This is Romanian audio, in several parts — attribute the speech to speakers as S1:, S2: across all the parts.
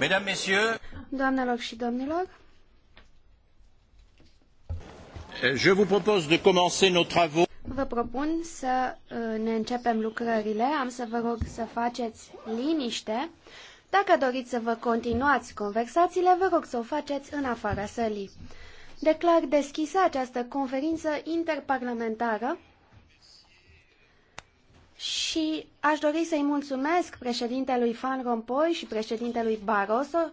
S1: Mesdames, Messieurs,
S2: Doamnelor și domnilor,
S1: je vous propose de commencer nos travaux.
S2: Vă propun să uh, ne începem lucrările. Am să vă rog să faceți liniște. Dacă doriți să vă continuați conversațiile, vă rog să o faceți în afara sălii. Declar deschisă această conferință interparlamentară și aș dori să-i mulțumesc președintelui Van Rompuy și președintelui Barroso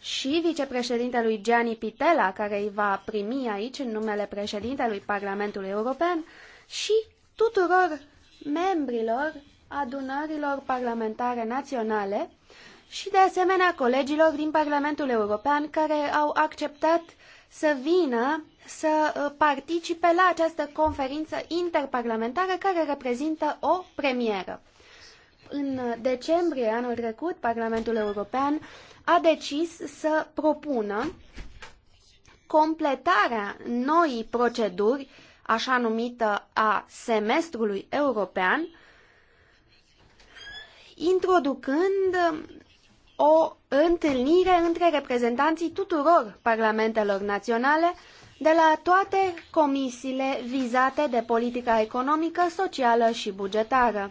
S2: și vicepreședintelui Gianni Pitela, care îi va primi aici în numele președintelui Parlamentului European și tuturor membrilor adunărilor parlamentare naționale și de asemenea colegilor din Parlamentul European care au acceptat să vină să uh, participe la această conferință interparlamentară care reprezintă o premieră. În decembrie anul trecut, Parlamentul European a decis să propună completarea noii proceduri, așa numită a semestrului european, introducând o întâlnire între reprezentanții tuturor parlamentelor naționale de la toate comisiile vizate de politica economică, socială și bugetară.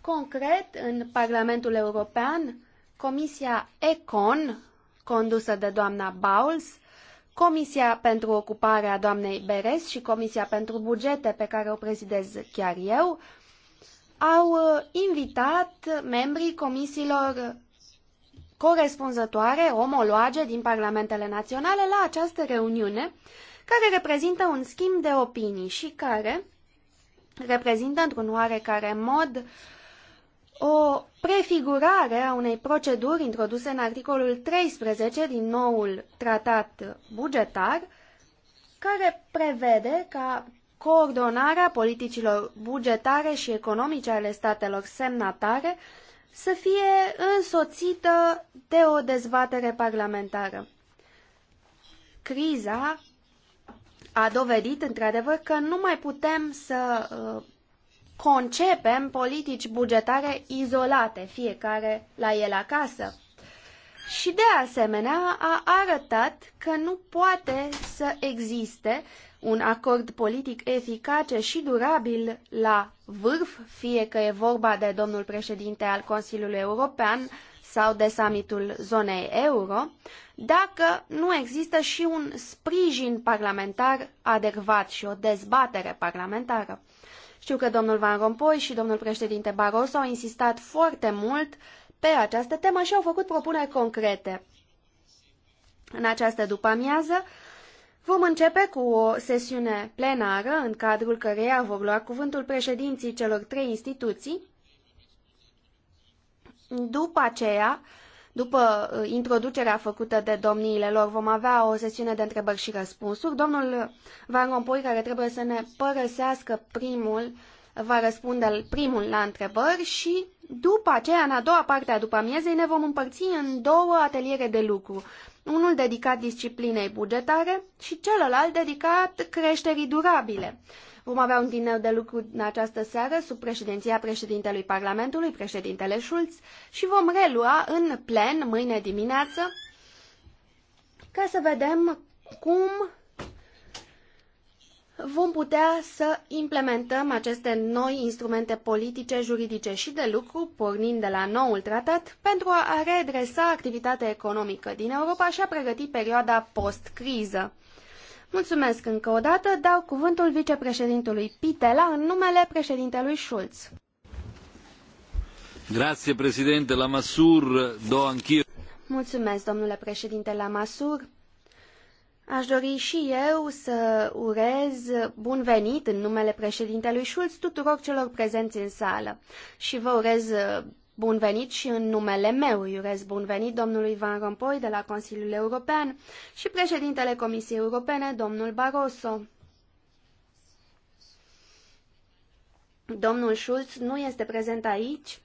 S2: Concret, în Parlamentul European, Comisia ECON, condusă de doamna Bowles, Comisia pentru ocupare a doamnei Beres și Comisia pentru Bugete, pe care o prezidez chiar eu, au uh, invitat membrii comisiilor corespunzătoare, omologe din parlamentele naționale la această reuniune, care reprezintă un schimb de opinii și care reprezintă într-un oarecare mod o prefigurare a unei proceduri introduse în articolul 13 din noul tratat bugetar, care prevede ca coordonarea politicilor bugetare și economice ale statelor semnatare să fie însoțită de o dezbatere parlamentară. Criza a dovedit, într-adevăr, că nu mai putem să uh, concepem politici bugetare izolate, fiecare la el acasă. Și de asemenea a arătat că nu poate să existe un acord politic eficace și durabil la vârf, fie că e vorba de domnul președinte al Consiliului European sau de summitul zonei euro, dacă nu există și un sprijin parlamentar adecvat și o dezbatere parlamentară. Știu că domnul Van Rompuy și domnul președinte Barroso au insistat foarte mult pe această temă și au făcut propuneri concrete. În această după-amiază Vom începe cu o sesiune plenară, în cadrul căreia vor lua cuvântul președinții celor trei instituții. După aceea, după uh, introducerea făcută de domniile lor, vom avea o sesiune de întrebări și răspunsuri. Domnul Van Rompuy, care trebuie să ne părăsească primul, va răspunde primul la întrebări și după aceea, în a doua parte a după amiezei, ne vom împărți în două ateliere de lucru. Unul dedicat disciplinei bugetare și celălalt dedicat creșterii durabile. Vom avea un tineu de lucru în această seară sub președinția președintelui Parlamentului, președintele Schulz, și vom relua în plen mâine dimineață ca să vedem cum vom putea să implementăm aceste noi instrumente politice, juridice și de lucru, pornind de la noul tratat, pentru a redresa activitatea economică din Europa și a pregăti perioada post-criză. Mulțumesc încă o dată, dau cuvântul vicepreședintului Pitela în numele președintelui Schulz. Grazie, președinte Lamassoure, do anch'io. Mulțumesc, domnule președinte Lamassoure. Aș dori și eu să urez bun venit în numele președintelui Schulz tuturor celor prezenți în sală și vă urez bun venit și în numele meu. Îi urez bun venit domnului Van Rompuy de la Consiliul European și președintele Comisiei Europene, domnul Barroso. Domnul Schulz nu este prezent aici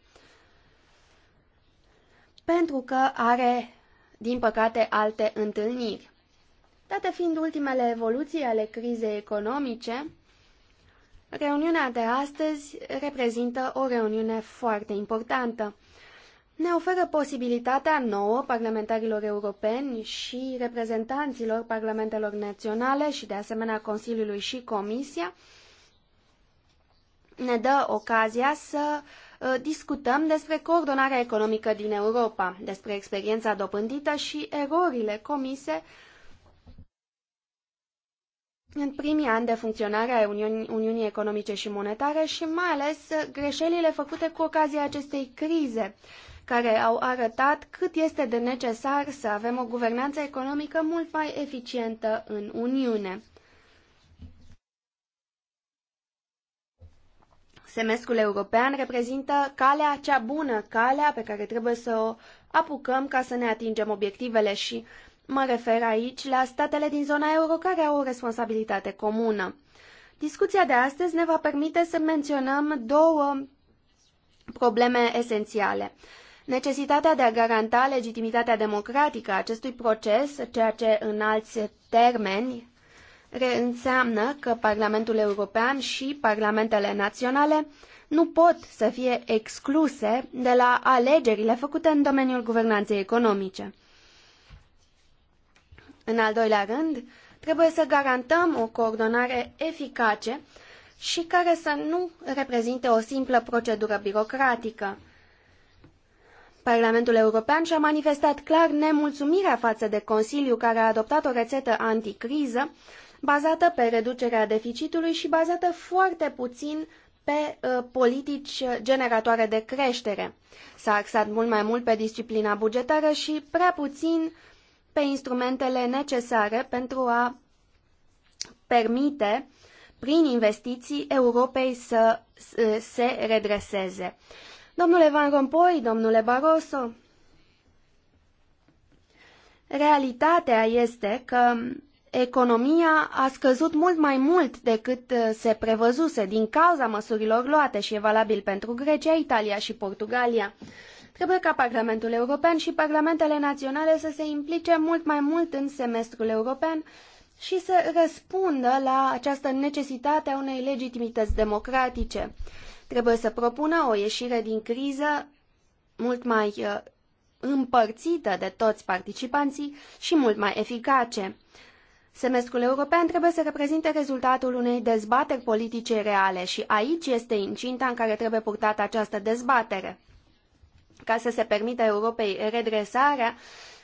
S2: pentru că are, din păcate, alte întâlniri. Date fiind ultimele evoluții ale crizei economice, reuniunea de astăzi reprezintă o reuniune foarte importantă. Ne oferă posibilitatea nouă, parlamentarilor europeni și reprezentanților parlamentelor naționale și de asemenea Consiliului și Comisia, ne dă ocazia să uh, discutăm despre coordonarea economică din Europa, despre experiența dobândită și erorile comise în primii ani de funcționare a Uniunii, Uniunii Economice și Monetare și mai ales greșelile făcute cu ocazia acestei crize, care au arătat cât este de necesar să avem o guvernanță economică mult mai eficientă în Uniune. Semestrul european reprezintă calea cea bună, calea pe care trebuie să o apucăm ca să ne atingem obiectivele și Mă refer aici la statele din zona euro care au o responsabilitate comună. Discuția de astăzi ne va permite să menționăm două probleme esențiale. Necesitatea de a garanta legitimitatea democratică a acestui proces, ceea ce în alți termeni înseamnă că Parlamentul European și Parlamentele Naționale nu pot să fie excluse de la alegerile făcute în domeniul guvernanței economice. În al doilea rând, trebuie să garantăm o coordonare eficace și care să nu reprezinte o simplă procedură birocratică. Parlamentul European și-a manifestat clar nemulțumirea față de Consiliu care a adoptat o rețetă anticriză bazată pe reducerea deficitului și bazată foarte puțin pe uh, politici generatoare de creștere. S-a axat mult mai mult pe disciplina bugetară și prea puțin pe instrumentele necesare pentru a permite, prin investiții, Europei să se redreseze. Domnule Van Rompuy, domnule Barroso, realitatea este că economia a scăzut mult mai mult decât se prevăzuse din cauza măsurilor luate și e valabil pentru Grecia, Italia și Portugalia. Trebuie ca Parlamentul European și Parlamentele Naționale să se implice mult mai mult în semestrul european și să răspundă la această necesitate a unei legitimități democratice. Trebuie să propună o ieșire din criză mult mai uh, împărțită de toți participanții și mult mai eficace. Semestrul european trebuie să reprezinte rezultatul unei dezbateri politice reale și aici este incinta în care trebuie purtată această dezbatere ca să se permită Europei redresarea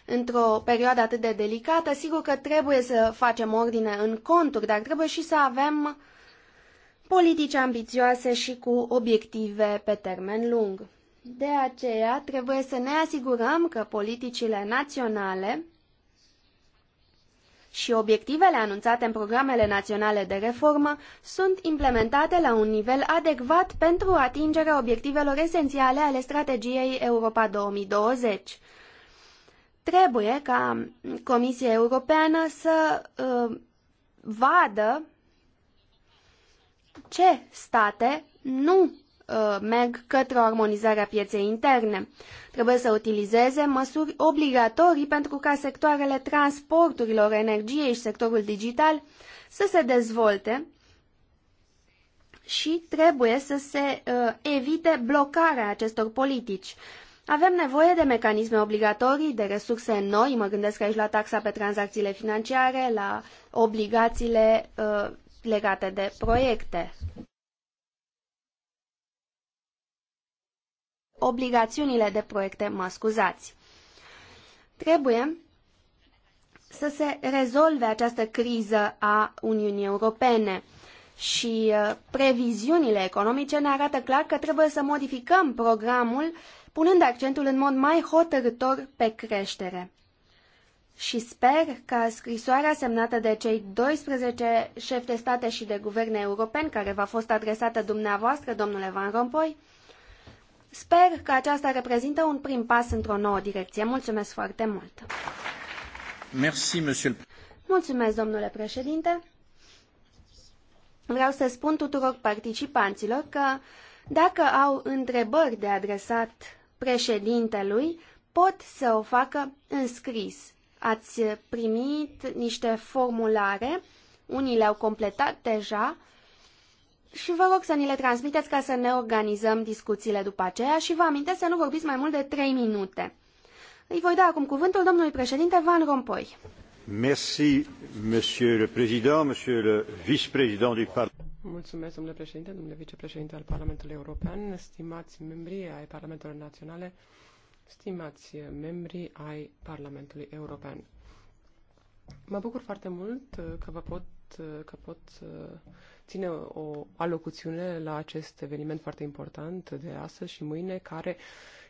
S2: într-o perioadă atât de delicată. Sigur că trebuie să facem ordine în conturi, dar trebuie și să avem politici ambițioase și cu obiective pe termen lung. De aceea trebuie să ne asigurăm că politicile naționale și obiectivele anunțate în programele naționale de reformă sunt implementate la un nivel adecvat pentru atingerea obiectivelor esențiale ale strategiei Europa 2020. Trebuie ca Comisia Europeană să uh, vadă ce state nu Uh, merg către o armonizare a pieței interne. Trebuie să utilizeze măsuri obligatorii pentru ca sectoarele transporturilor, energiei și sectorul digital să se dezvolte și trebuie să se uh, evite blocarea acestor politici. Avem nevoie de mecanisme obligatorii, de resurse noi, mă gândesc aici la taxa pe tranzacțiile financiare, la obligațiile uh, legate de proiecte. obligațiunile de proiecte, mă scuzați. Trebuie să se rezolve această criză a Uniunii Europene și uh, previziunile economice ne arată clar că trebuie să modificăm programul punând accentul în mod mai hotărător pe creștere. Și sper că scrisoarea semnată de cei 12 șefi de state și de guverne europeni, care v-a fost adresată dumneavoastră, domnule Van Rompuy, Sper că aceasta reprezintă un prim pas într-o nouă direcție. Mulțumesc foarte mult!
S3: Merci, monsieur.
S2: Mulțumesc, domnule președinte! Vreau să spun tuturor participanților că dacă au întrebări de adresat președintelui, pot să o facă în scris. Ați primit niște formulare, unii le-au completat deja, și vă rog să ni le transmiteți ca să ne organizăm discuțiile după aceea și vă amintesc să nu vorbiți mai mult de 3 minute. Îi voi da acum cuvântul domnului președinte Van Rompuy. Merci, monsieur le président, monsieur le vice-président du Parlament.
S1: Mulțumesc, domnule președinte, domnule vicepreședinte al Parlamentului European, stimați membri ai Parlamentului Naționale, stimați membri ai Parlamentului European. Mă bucur foarte mult că vă pot Uh, că pot uh, ține o alocuțiune la acest eveniment foarte important de astăzi și mâine, care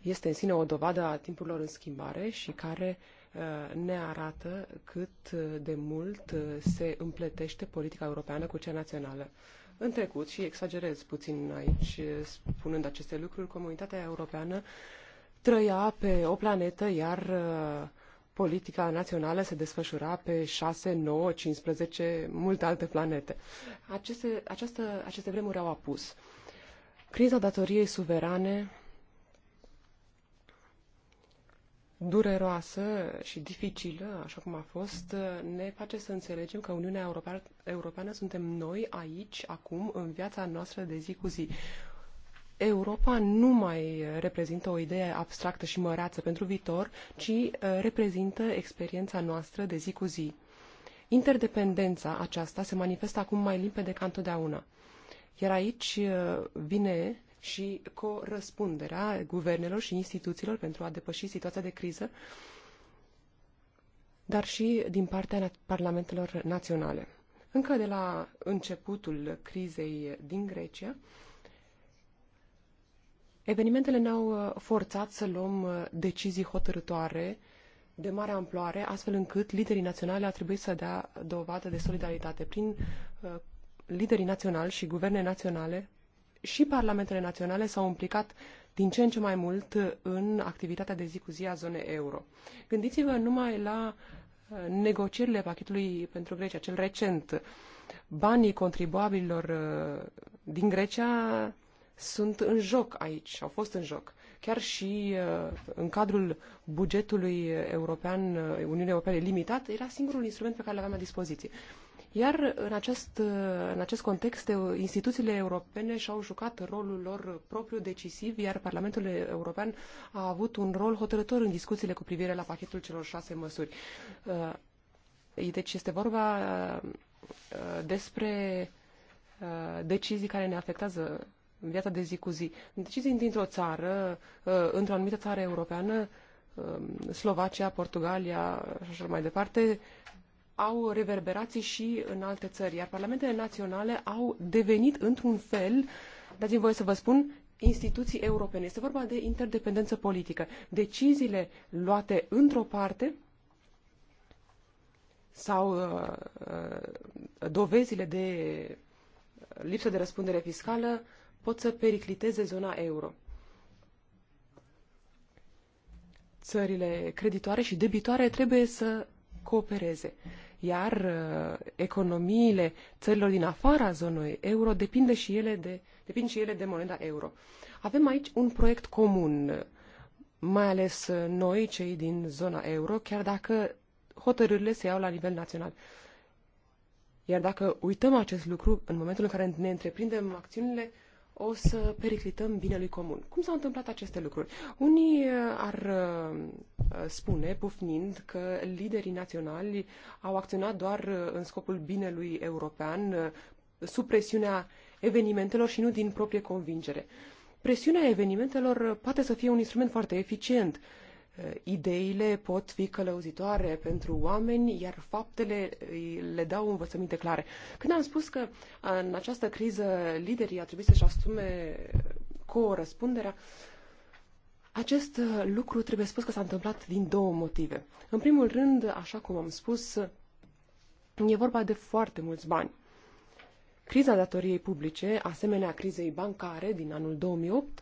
S1: este în sine o dovadă a timpurilor în schimbare și care uh, ne arată cât de mult se împletește politica europeană cu cea națională. În trecut, și exagerez puțin aici spunând aceste lucruri, comunitatea europeană trăia pe o planetă, iar uh, politica națională se desfășura pe 6, 9, 15, multe alte planete. Aceste, această, aceste vremuri au apus. Criza datoriei suverane, dureroasă și dificilă, așa cum a fost, ne face să înțelegem că Uniunea Europeană, Europeană suntem noi aici, acum, în viața noastră de zi cu zi. Europa nu mai reprezintă o idee abstractă și măreață pentru viitor, ci uh, reprezintă experiența noastră de zi cu zi. Interdependența aceasta se manifestă acum mai limpede ca întotdeauna. Iar aici uh, vine și corăspunderea guvernelor și instituțiilor pentru a depăși situația de criză, dar și din partea parlamentelor naționale. Încă de la începutul crizei din Grecia, Evenimentele ne-au uh, forțat să luăm uh, decizii hotărătoare de mare amploare, astfel încât liderii naționali a trebuit să dea dovadă de solidaritate. Prin uh, liderii naționali și guverne naționale și parlamentele naționale s-au implicat din ce în ce mai mult în activitatea de zi cu zi a zonei euro. Gândiți-vă numai la negocierile pachetului pentru Grecia, cel recent. Banii contribuabililor din Grecia sunt în joc aici, au fost în joc. Chiar și uh, în cadrul bugetului european, uh, Uniunea Europeană limitat, era singurul instrument pe care l-aveam la dispoziție. Iar în acest, uh, în acest context, instituțiile europene și-au jucat rolul lor propriu decisiv, iar Parlamentul European a avut un rol hotărător în discuțiile cu privire la pachetul celor șase măsuri. Deci este vorba despre decizii care ne afectează viața de zi cu zi. Decizii dintr-o țară, uh, într-o anumită țară europeană, um, Slovacia, Portugalia și așa mai departe, au reverberații și în alte țări, iar parlamentele naționale au devenit într-un fel, dați-mi voie să vă spun, instituții europene. Este vorba de interdependență politică. Deciziile luate într-o parte sau uh, uh, dovezile de lipsă de răspundere fiscală pot să pericliteze zona euro. Țările creditoare și debitoare trebuie să coopereze, iar uh, economiile țărilor din afara zonei euro depinde și ele de, depind și ele de moneda euro. Avem aici un proiect comun, mai ales uh, noi, cei din zona euro, chiar dacă hotărârile se iau la nivel național. Iar dacă uităm acest lucru, în momentul în care ne întreprindem acțiunile, o să periclităm binelui comun. Cum s-au întâmplat aceste lucruri? Unii uh, ar uh, spune, pufnind, că liderii naționali au acționat doar uh, în scopul binelui european, sub presiunea evenimentelor și nu din proprie convingere. Presiunea evenimentelor poate să fie un instrument foarte eficient, Eh, ideile pot fi călăuzitoare pentru oameni, iar faptele eh, le dau învățăminte clare. Când am spus că eh, în această criză liderii ar trebui să-și asume cu răspunderea, acest lucru trebuie spus că s-a întâmplat din două motive. În primul rând, așa cum am spus, e vorba de foarte mulți bani. Criza datoriei publice, asemenea crizei bancare din anul 2008,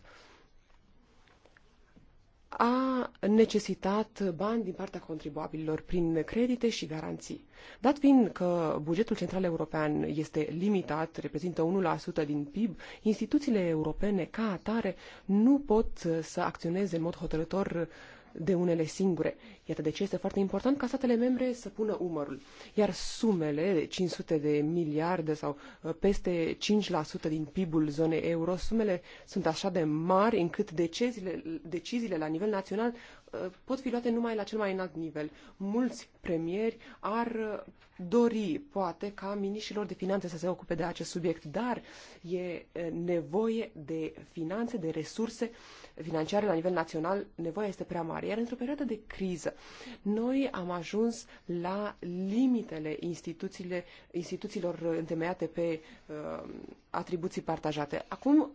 S1: a necesitat bani din partea contribuabililor prin credite și garanții. Dat fiind că bugetul central european este limitat, reprezintă 1% din PIB, instituțiile europene ca atare nu pot să acționeze în mod hotărător de unele singure. Iată de ce este foarte important ca statele membre să pună umărul. Iar sumele, 500 de miliarde sau uh, peste 5% din PIB-ul zonei euro, sumele sunt așa de mari încât deciziile, deciziile la nivel național uh, pot fi luate numai la cel mai înalt nivel. Mulți premieri ar uh, dori, poate, ca miniștrilor de finanțe să se ocupe de acest subiect, dar e nevoie de finanțe, de resurse uh, financiare la nivel național, nevoia este prea mare. Iar într-o perioadă de criză, noi am ajuns la limitele instituțiile, instituțiilor întemeiate pe uh, atribuții partajate. Acum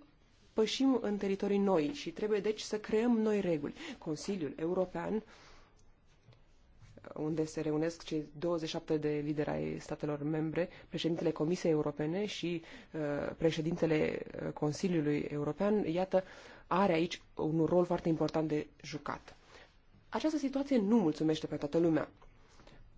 S1: pășim în teritorii noi și trebuie deci să creăm noi reguli. Consiliul European unde se reunesc cei 27 de lideri ai statelor membre, președintele Comisiei Europene și uh, președintele uh, Consiliului European, iată, are aici un rol foarte important de jucat. Această situație nu mulțumește pe toată lumea.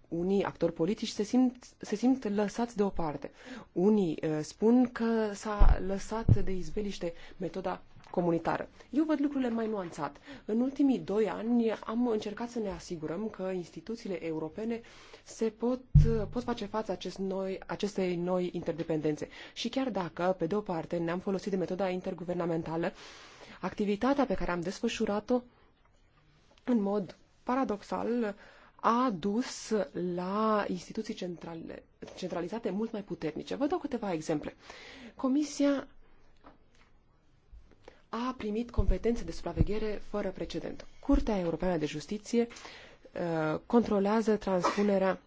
S1: Unii actori politici se simt, se simt lăsați deoparte. Unii uh, spun că s-a lăsat de izbeliște metoda comunitară. Eu văd lucrurile mai nuanțat. În ultimii doi ani am încercat să ne asigurăm că instituțiile europene se pot, uh, pot face față acest noi, acestei noi interdependențe. Și chiar dacă, pe de o parte, ne-am folosit de metoda interguvernamentală, uh, activitatea pe care am desfășurat-o, în mod paradoxal, a dus la instituții centrale, centralizate mult mai puternice. Vă dau câteva exemple. Comisia a primit competențe de supraveghere fără precedent. Curtea Europeană de Justiție uh, controlează transpunerea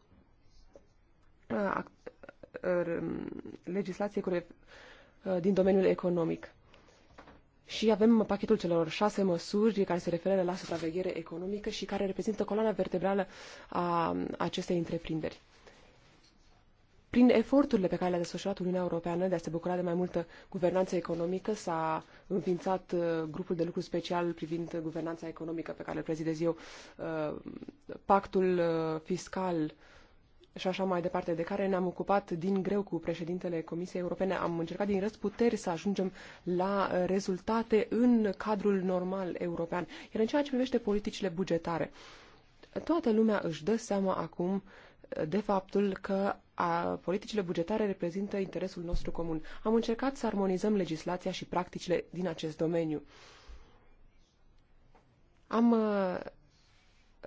S1: uh, uh, legislației uh, din domeniul economic. Și avem pachetul celor șase măsuri care se referă la supraveghere economică și care reprezintă coloana vertebrală a acestei întreprinderi. Prin eforturile pe care le-a desfășurat Uniunea Europeană de a se bucura de mai multă guvernanță economică, s-a înființat uh, grupul de lucru special privind guvernanța economică pe care îl prezidez eu, uh, pactul uh, fiscal și așa mai departe, de care ne-am ocupat din greu cu președintele Comisiei Europene. Am încercat din răzputeri să ajungem la rezultate în cadrul normal european. Iar în ceea ce privește politicile bugetare, toată lumea își dă seama acum de faptul că a, politicile bugetare reprezintă interesul nostru comun. Am încercat să armonizăm legislația și practicile din acest domeniu. Am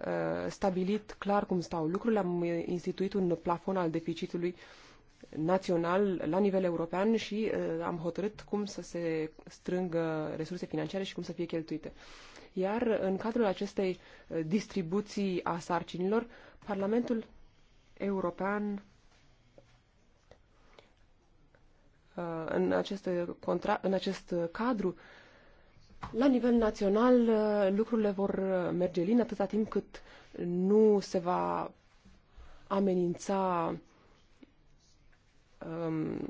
S1: Uh, stabilit clar cum stau lucrurile, am instituit un plafon al deficitului național la nivel european și uh, am hotărât cum să se strângă resurse financiare și cum să fie cheltuite. Iar în cadrul acestei uh, distribuții a sarcinilor, Parlamentul European uh, în acest, contra- în acest cadru uh, la nivel național, uh, lucrurile vor uh, merge lin atâta timp cât nu se va amenința um,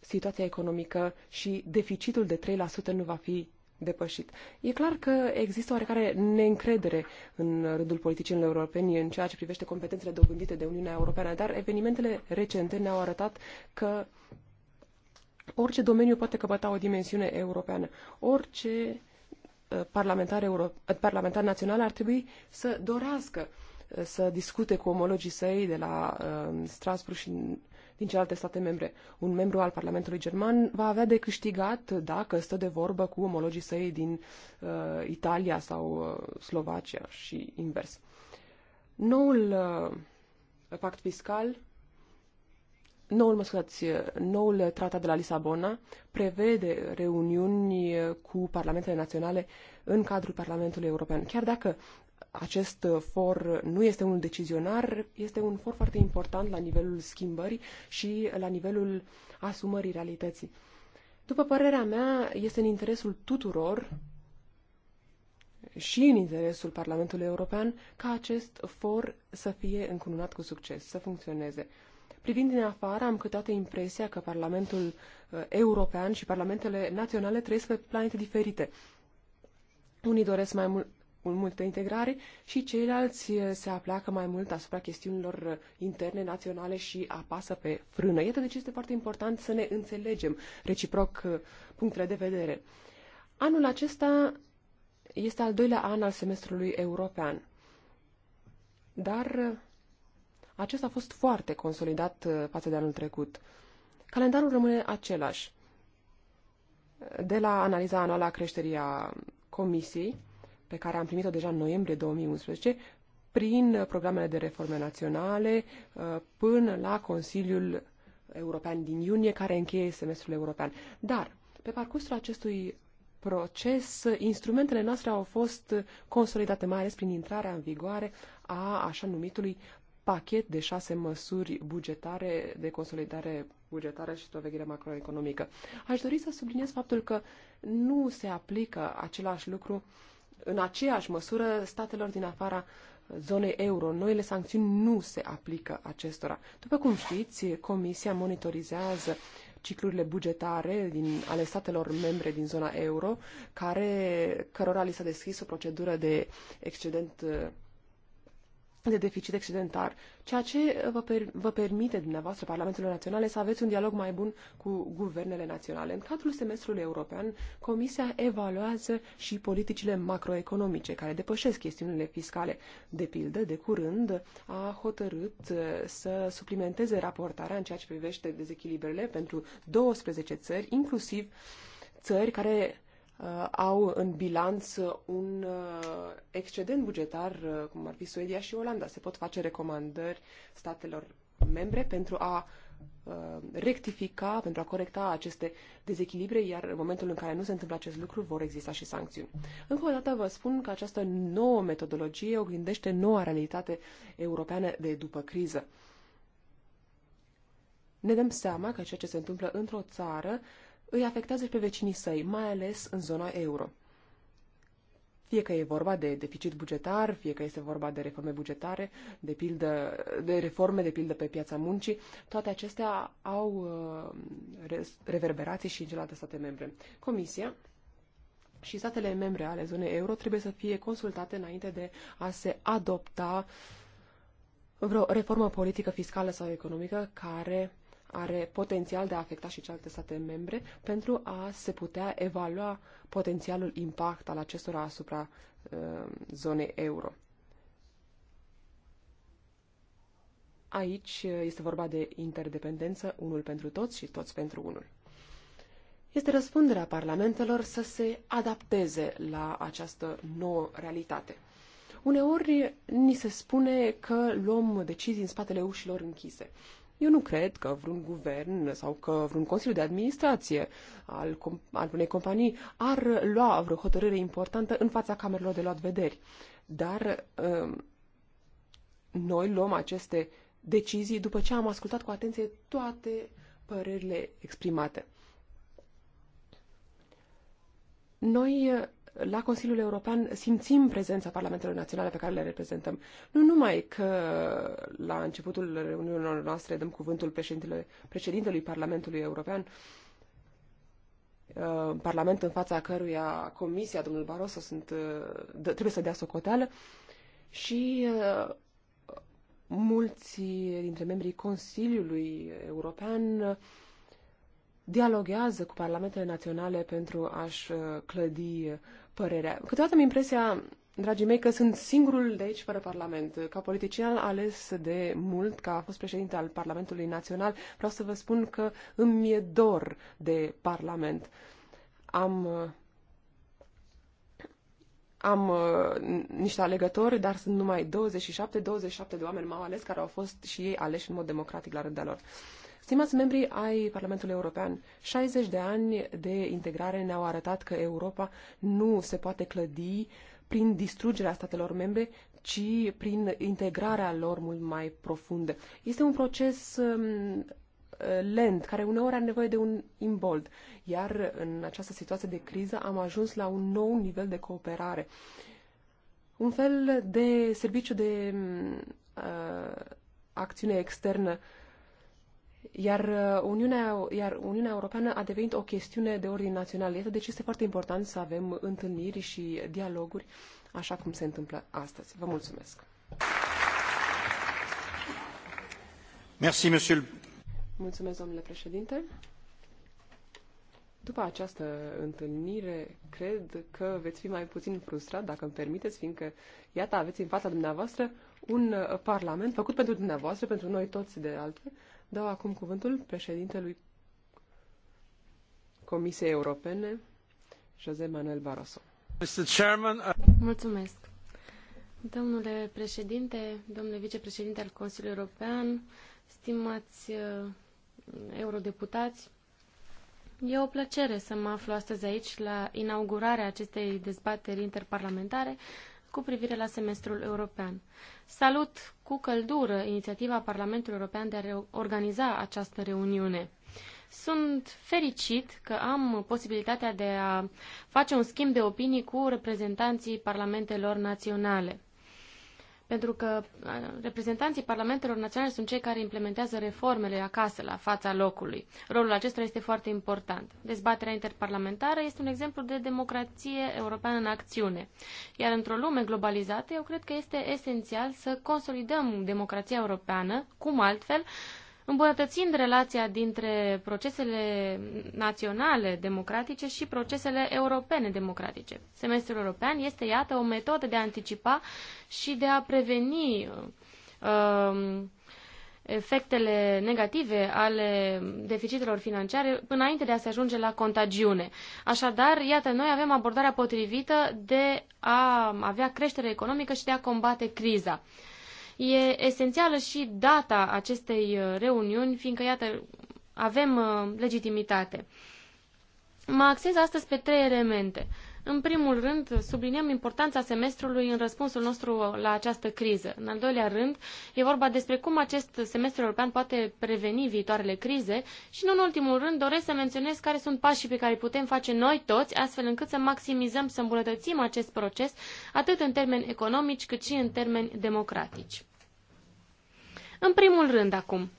S1: situația economică și deficitul de 3% nu va fi depășit. E clar că există oarecare neîncredere în rândul politicienilor europeni în ceea ce privește competențele dobândite de Uniunea Europeană, dar evenimentele recente ne-au arătat că Orice domeniu poate căpăta o dimensiune europeană. Orice uh, parlamentar, euro, uh, parlamentar național ar trebui să dorească uh, să discute cu omologii săi de la uh, Strasburg și din celelalte state membre. Un membru al Parlamentului German va avea de câștigat dacă stă de vorbă cu omologii săi din uh, Italia sau uh, Slovacia și invers. Noul uh, pact fiscal noul, mă noul tratat de la Lisabona prevede reuniuni cu parlamentele naționale în cadrul Parlamentului European. Chiar dacă acest for nu este unul decizionar, este un for foarte important la nivelul schimbării și la nivelul asumării realității. După părerea mea, este în interesul tuturor și în interesul Parlamentului European ca acest for să fie încununat cu succes, să funcționeze. Privind din afară, am câteodată impresia că Parlamentul uh, European și Parlamentele Naționale trăiesc pe planete diferite. Unii doresc mai mult multă integrare și ceilalți uh, se apleacă mai mult asupra chestiunilor uh, interne, naționale și apasă pe frână. Iată de ce este foarte important să ne înțelegem reciproc punctele de vedere. Anul acesta este al doilea an al semestrului european, dar acesta a fost foarte consolidat uh, față de anul trecut. Calendarul rămâne același. De la analiza anuală a creșterii a Comisiei, pe care am primit-o deja în noiembrie 2011, prin programele de reforme naționale, uh, până la Consiliul European din iunie, care încheie semestrul european. Dar, pe parcursul acestui proces, instrumentele noastre au fost consolidate, mai ales prin intrarea în vigoare a așa numitului pachet de șase măsuri bugetare, de consolidare bugetară și supraveghere macroeconomică. Aș dori să subliniez faptul că nu se aplică același lucru în aceeași măsură statelor din afara zonei euro. Noile sancțiuni nu se aplică acestora. După cum știți, Comisia monitorizează ciclurile bugetare din, ale statelor membre din zona euro, care, cărora li s-a deschis o procedură de excedent de deficit excedentar, ceea ce vă, per- vă permite dumneavoastră, Parlamentului Naționale, să aveți un dialog mai bun cu guvernele naționale. În cadrul semestrului european, Comisia evaluează și politicile macroeconomice care depășesc chestiunile fiscale. De pildă, de curând a hotărât uh, să suplimenteze raportarea în ceea ce privește dezechilibrele pentru 12 țări, inclusiv țări care Uh, au în bilanț un uh, excedent bugetar, uh, cum ar fi Suedia și Olanda. Se pot face recomandări statelor membre pentru a rectifica, pentru a corecta aceste dezechilibre, iar în momentul în care nu se întâmplă acest lucru, vor exista și sancțiuni. Încă o dată vă spun că această nouă metodologie oglindește noua realitate europeană de după criză. Ne dăm seama că ceea ce se întâmplă într-o țară uh, îi afectează pe vecinii săi, mai ales în zona euro. Fie că e vorba de deficit bugetar, fie că este vorba de reforme bugetare, de, pildă, de reforme, de pildă, pe piața muncii, toate acestea au uh, reverberații și în celelalte state membre. Comisia și statele membre ale zonei euro trebuie să fie consultate înainte de a se adopta vreo reformă politică, fiscală sau economică care are potențial de a afecta și celelalte state membre pentru a se putea evalua potențialul impact al acestora asupra uh, zonei euro. Aici uh, este vorba de interdependență, unul pentru toți și toți pentru unul. Este răspunderea parlamentelor să se adapteze la această nouă realitate. Uneori ni se spune că luăm decizii în spatele ușilor închise. Eu nu cred că vreun guvern sau că vreun consiliu de administrație al, al unei companii ar lua vreo hotărâre importantă în fața camerelor de luat vederi. Dar uh, noi luăm aceste decizii după ce am ascultat cu atenție toate părerile exprimate. Noi la Consiliul European simțim prezența parlamentelor naționale pe care le reprezentăm. Nu numai că la începutul reuniunilor noastre dăm cuvântul președintelui Parlamentului European, uh, Parlament în fața căruia Comisia, domnul Barroso, sunt, uh, trebuie să dea socoteală și uh, mulți dintre membrii Consiliului European dialoguează cu parlamentele naționale pentru a-și clădi părerea. Câteodată am impresia, dragii mei, că sunt singurul de aici fără Parlament. Ca politician ales de mult, ca a fost președinte al Parlamentului Național, vreau să vă spun că îmi e dor de Parlament. Am am uh, niște alegători, dar sunt numai 27, 27 de oameni m-au ales care au fost și ei aleși în mod democratic la rândul lor. Uh, Stimați membrii ai Parlamentului European, 60 de ani de integrare ne-au arătat că Europa nu se poate clădi prin distrugerea statelor membre, ci prin integrarea lor mult mai profundă. Este un proces um, lent, care uneori are nevoie de un imbold. Iar în această situație de criză am ajuns la un nou nivel de cooperare. Un fel de serviciu de um, uh, acțiune externă uh, iar uh, Uniunea, iar Uniunea Europeană a devenit o chestiune de ordin național. Iată deci este foarte important să avem întâlniri și dialoguri, așa cum se întâmplă astăzi. Vă mulțumesc!
S3: Merci, monsieur.
S1: Mulțumesc, domnule președinte. După această întâlnire, cred că veți fi mai puțin frustrat, dacă îmi permiteți, fiindcă, iată, aveți în fața dumneavoastră un uh, parlament făcut pentru dumneavoastră, pentru noi toți de altfel, Dau acum cuvântul președintelui Comisiei Europene, José Manuel Barroso. Uh, Mulțumesc.
S3: Domnule președinte, domnule vicepreședinte al Consiliului European, stimați uh, eurodeputați, E o plăcere să mă aflu astăzi aici la inaugurarea acestei dezbateri interparlamentare cu privire la semestrul european. Salut cu căldură inițiativa Parlamentului European de a organiza această reuniune. Sunt fericit că am posibilitatea de a face un schimb de opinii cu reprezentanții parlamentelor naționale pentru că reprezentanții parlamentelor naționale sunt cei care implementează reformele acasă, la fața locului. Rolul acesta este foarte important. Dezbaterea interparlamentară este un exemplu de democrație europeană în acțiune. Iar într-o lume globalizată, eu cred că este esențial să consolidăm democrația europeană, cum altfel, îmbunătățind relația dintre procesele naționale democratice și procesele europene democratice. Semestrul european este, iată, o metodă de a anticipa și de a preveni uh, efectele negative ale deficitelor financiare înainte de a se ajunge la contagiune. Așadar, iată, noi avem abordarea potrivită de a avea creștere economică și de a combate criza. E esențială și data acestei uh, reuniuni, fiindcă, iată, avem uh, legitimitate. Mă axez astăzi pe trei elemente. În primul rând, subliniem importanța semestrului în răspunsul nostru uh, la această criză. În al doilea rând, e vorba despre cum acest semestru european poate preveni viitoarele crize și, în ultimul rând, doresc să menționez care sunt pașii pe care putem face noi toți, astfel încât să maximizăm, să îmbunătățim acest proces, atât în termeni economici, cât și în termeni democratici. În primul rând, acum,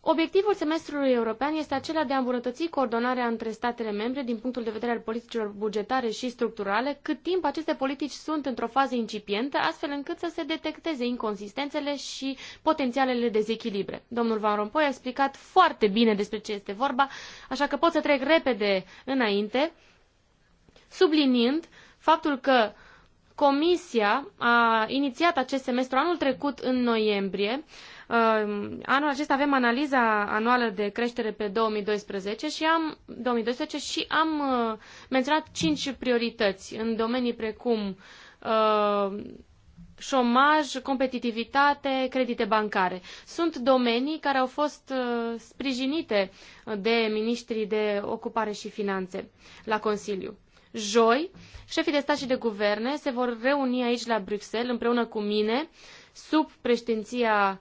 S3: Obiectivul semestrului european este acela de a îmbunătăți coordonarea între statele membre din punctul de vedere al politicilor bugetare și structurale, cât timp aceste politici sunt într-o fază incipientă, astfel încât să se detecteze inconsistențele și potențialele dezechilibre. Domnul Van Rompuy a explicat foarte bine despre ce este vorba, așa că pot să trec repede înainte, subliniind faptul că uh, Comisia a inițiat acest semestru anul trecut în noiembrie. Uh, anul acesta avem analiza anuală de creștere pe 2012 și am, 2012 și am uh, menționat cinci priorități în domenii precum uh, șomaj, competitivitate, credite bancare. Sunt domenii care au fost sprijinite de ministrii de ocupare și finanțe la Consiliu joi, șefii de stat și de guverne se vor reuni aici la Bruxelles împreună cu mine, sub președinția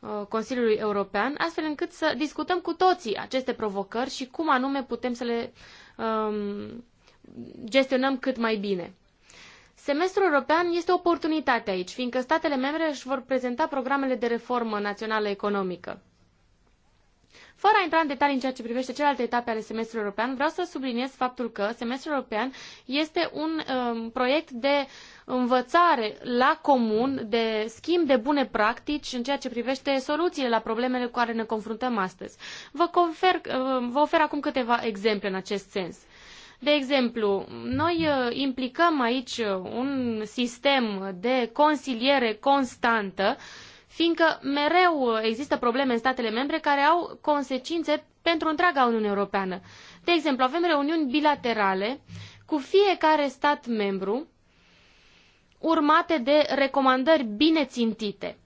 S3: uh, Consiliului European, astfel încât să discutăm cu toții aceste provocări și cum anume putem să le um, gestionăm cât mai bine. Semestrul european este o oportunitate aici, fiindcă statele membre își vor prezenta programele de reformă națională economică. Fără a intra în detalii în ceea ce privește celelalte etape ale semestrului european, vreau să subliniez faptul că semestrul european este un um, proiect de învățare la comun, de schimb de bune practici în ceea ce privește soluțiile la problemele cu care ne confruntăm astăzi. Vă, confer, um, vă ofer acum câteva exemple în acest sens. De exemplu, noi uh, implicăm aici uh, un sistem de consiliere constantă uh, fiindcă mereu există probleme în statele membre care au consecințe pentru întreaga Uniune Europeană. De exemplu, avem reuniuni bilaterale cu fiecare stat membru, urmate de recomandări bine țintite.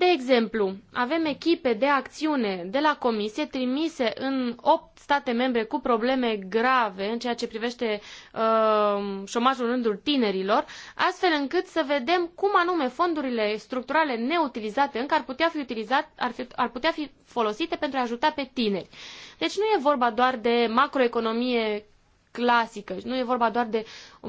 S3: De exemplu, avem echipe de acțiune de la Comisie trimise în opt state membre cu probleme grave în ceea ce privește uh, șomajul în rândul tinerilor, astfel încât să vedem cum anume fondurile structurale neutilizate încă ar putea fi, utilizat, ar fi, ar putea fi folosite pentru a ajuta pe tineri. Deci nu e vorba doar de macroeconomie clasică. Nu e vorba doar de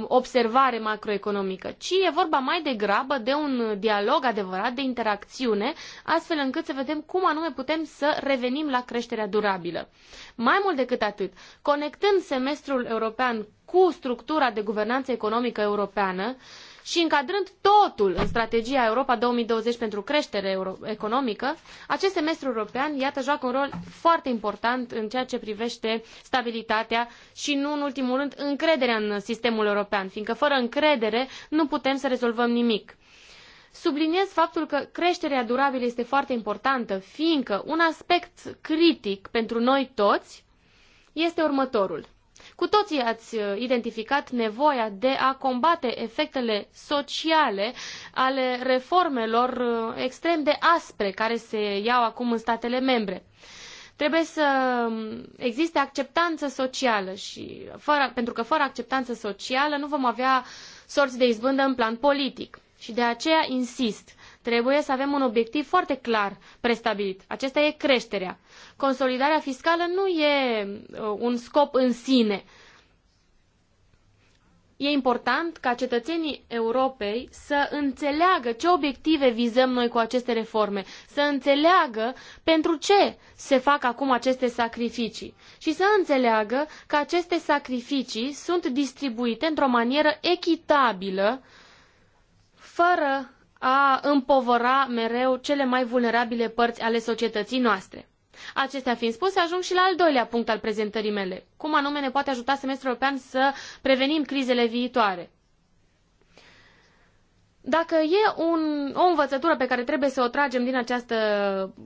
S3: observare macroeconomică, ci e vorba mai degrabă de un dialog adevărat, de interacțiune, astfel încât să vedem cum anume putem să revenim la creșterea durabilă. Mai mult decât atât, conectând semestrul european cu structura de guvernanță economică europeană, uh, și încadrând totul în strategia Europa 2020 pentru creștere economică, acest semestru european, iată, joacă un rol foarte important în ceea ce privește stabilitatea și, nu în ultimul rând, încrederea în sistemul european, fiindcă fără încredere nu putem să rezolvăm nimic. Subliniez faptul că creșterea durabilă este foarte importantă, fiindcă un aspect critic pentru noi toți este următorul. Cu toții ați uh, identificat nevoia de a combate efectele sociale ale reformelor uh, extrem de aspre care se iau acum în statele membre. Trebuie să um, existe acceptanță socială și fără, pentru că fără acceptanță socială nu vom avea sorți de izbândă în plan politic. Și de aceea insist Trebuie să avem un obiectiv foarte clar prestabilit. Acesta e creșterea. Consolidarea fiscală nu e uh, un scop în sine. E important ca cetățenii Europei să înțeleagă ce obiective vizăm noi cu aceste reforme, să înțeleagă pentru ce se fac acum aceste sacrificii și să înțeleagă că aceste sacrificii sunt distribuite într-o manieră echitabilă, fără a împovăra mereu cele mai vulnerabile părți ale societății noastre. Acestea fiind spuse, ajung și la al doilea punct al prezentării mele. Cum anume ne poate ajuta semestrul european să prevenim crizele viitoare? Dacă e un, o învățătură pe care trebuie să o tragem din această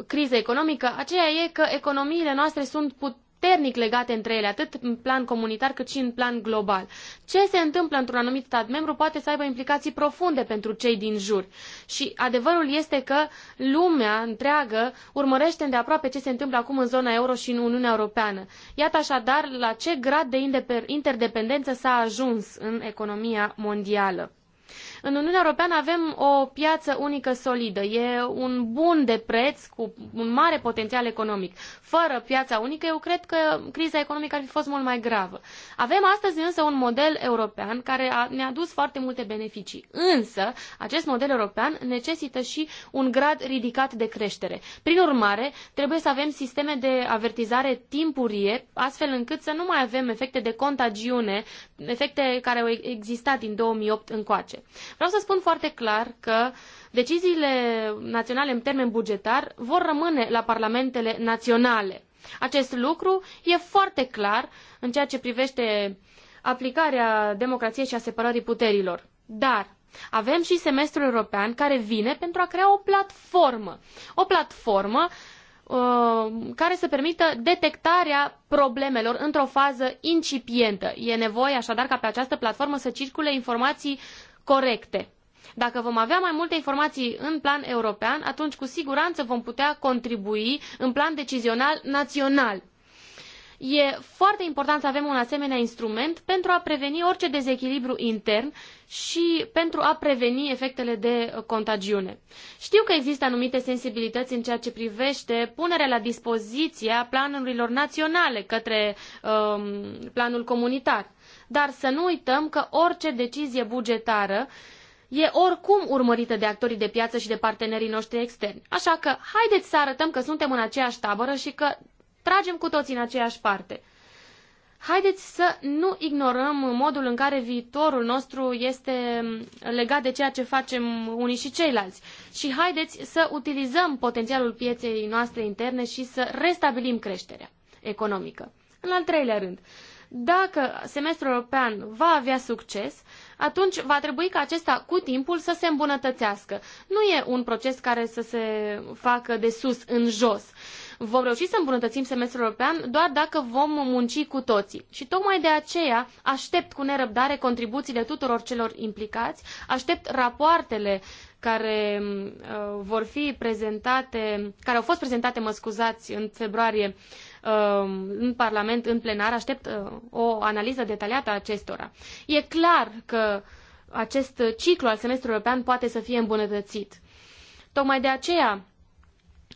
S3: criză economică, aceea e că economiile noastre sunt put, puternic legate între ele, atât în plan comunitar cât și în plan global. Ce se întâmplă într-un anumit stat membru poate să aibă implicații profunde pentru cei din jur. Și adevărul este că lumea întreagă urmărește îndeaproape ce se întâmplă acum în zona euro și în Uniunea Europeană. Iată așadar la ce grad de interdependență s-a ajuns în economia mondială. În Uniunea Europeană avem o piață unică solidă. E un bun de preț cu un mare potențial economic. Fără piața unică, eu cred că criza economică ar fi fost mult mai gravă. Avem astăzi însă un model european care ne-a dus foarte multe beneficii. Însă, acest model european necesită și un grad ridicat de creștere. Prin urmare, trebuie să avem sisteme de avertizare timpurie, astfel încât să nu mai avem efecte de contagiune, efecte care au existat din 2008 încoace. Vreau să spun foarte clar că deciziile naționale în termen bugetar vor rămâne la parlamentele naționale. Acest lucru e foarte clar în ceea ce privește aplicarea democrației și a separării puterilor. Dar avem și semestrul european care vine pentru a crea o platformă. O platformă uh, care să permită detectarea problemelor într-o fază incipientă. E nevoie așadar ca pe această platformă să circule informații corecte. Dacă vom avea mai multe informații în plan european, atunci cu siguranță vom putea contribui în plan decizional național. E foarte important să avem un asemenea instrument pentru a preveni orice dezechilibru intern și pentru a preveni efectele de contagiune. Știu că există anumite sensibilități în ceea ce privește punerea la dispoziție a planurilor naționale către um, planul comunitar dar să nu uităm că orice decizie bugetară e oricum urmărită de actorii de piață și de partenerii noștri externi. Așa că haideți să arătăm că suntem în aceeași tabără și că tragem cu toții în aceeași parte. Haideți să nu ignorăm modul în care viitorul nostru este legat de ceea ce facem unii și ceilalți. Și haideți să utilizăm potențialul pieței noastre interne și să restabilim creșterea economică. În al treilea rând, dacă semestrul european va avea succes, atunci va trebui ca acesta cu timpul să se îmbunătățească. Nu e un proces care să se facă de sus în jos. Vom reuși să îmbunătățim semestrul european doar dacă vom munci cu toții. Și tocmai de aceea aștept cu nerăbdare contribuțiile tuturor celor implicați, aștept rapoartele care uh, vor fi prezentate, care au fost prezentate, mă scuzați, în februarie uh, Um, în Parlament, în plenar. Aștept uh, o analiză detaliată a acestora. E clar că acest ciclu al semestrului european poate să fie îmbunătățit. Tocmai de aceea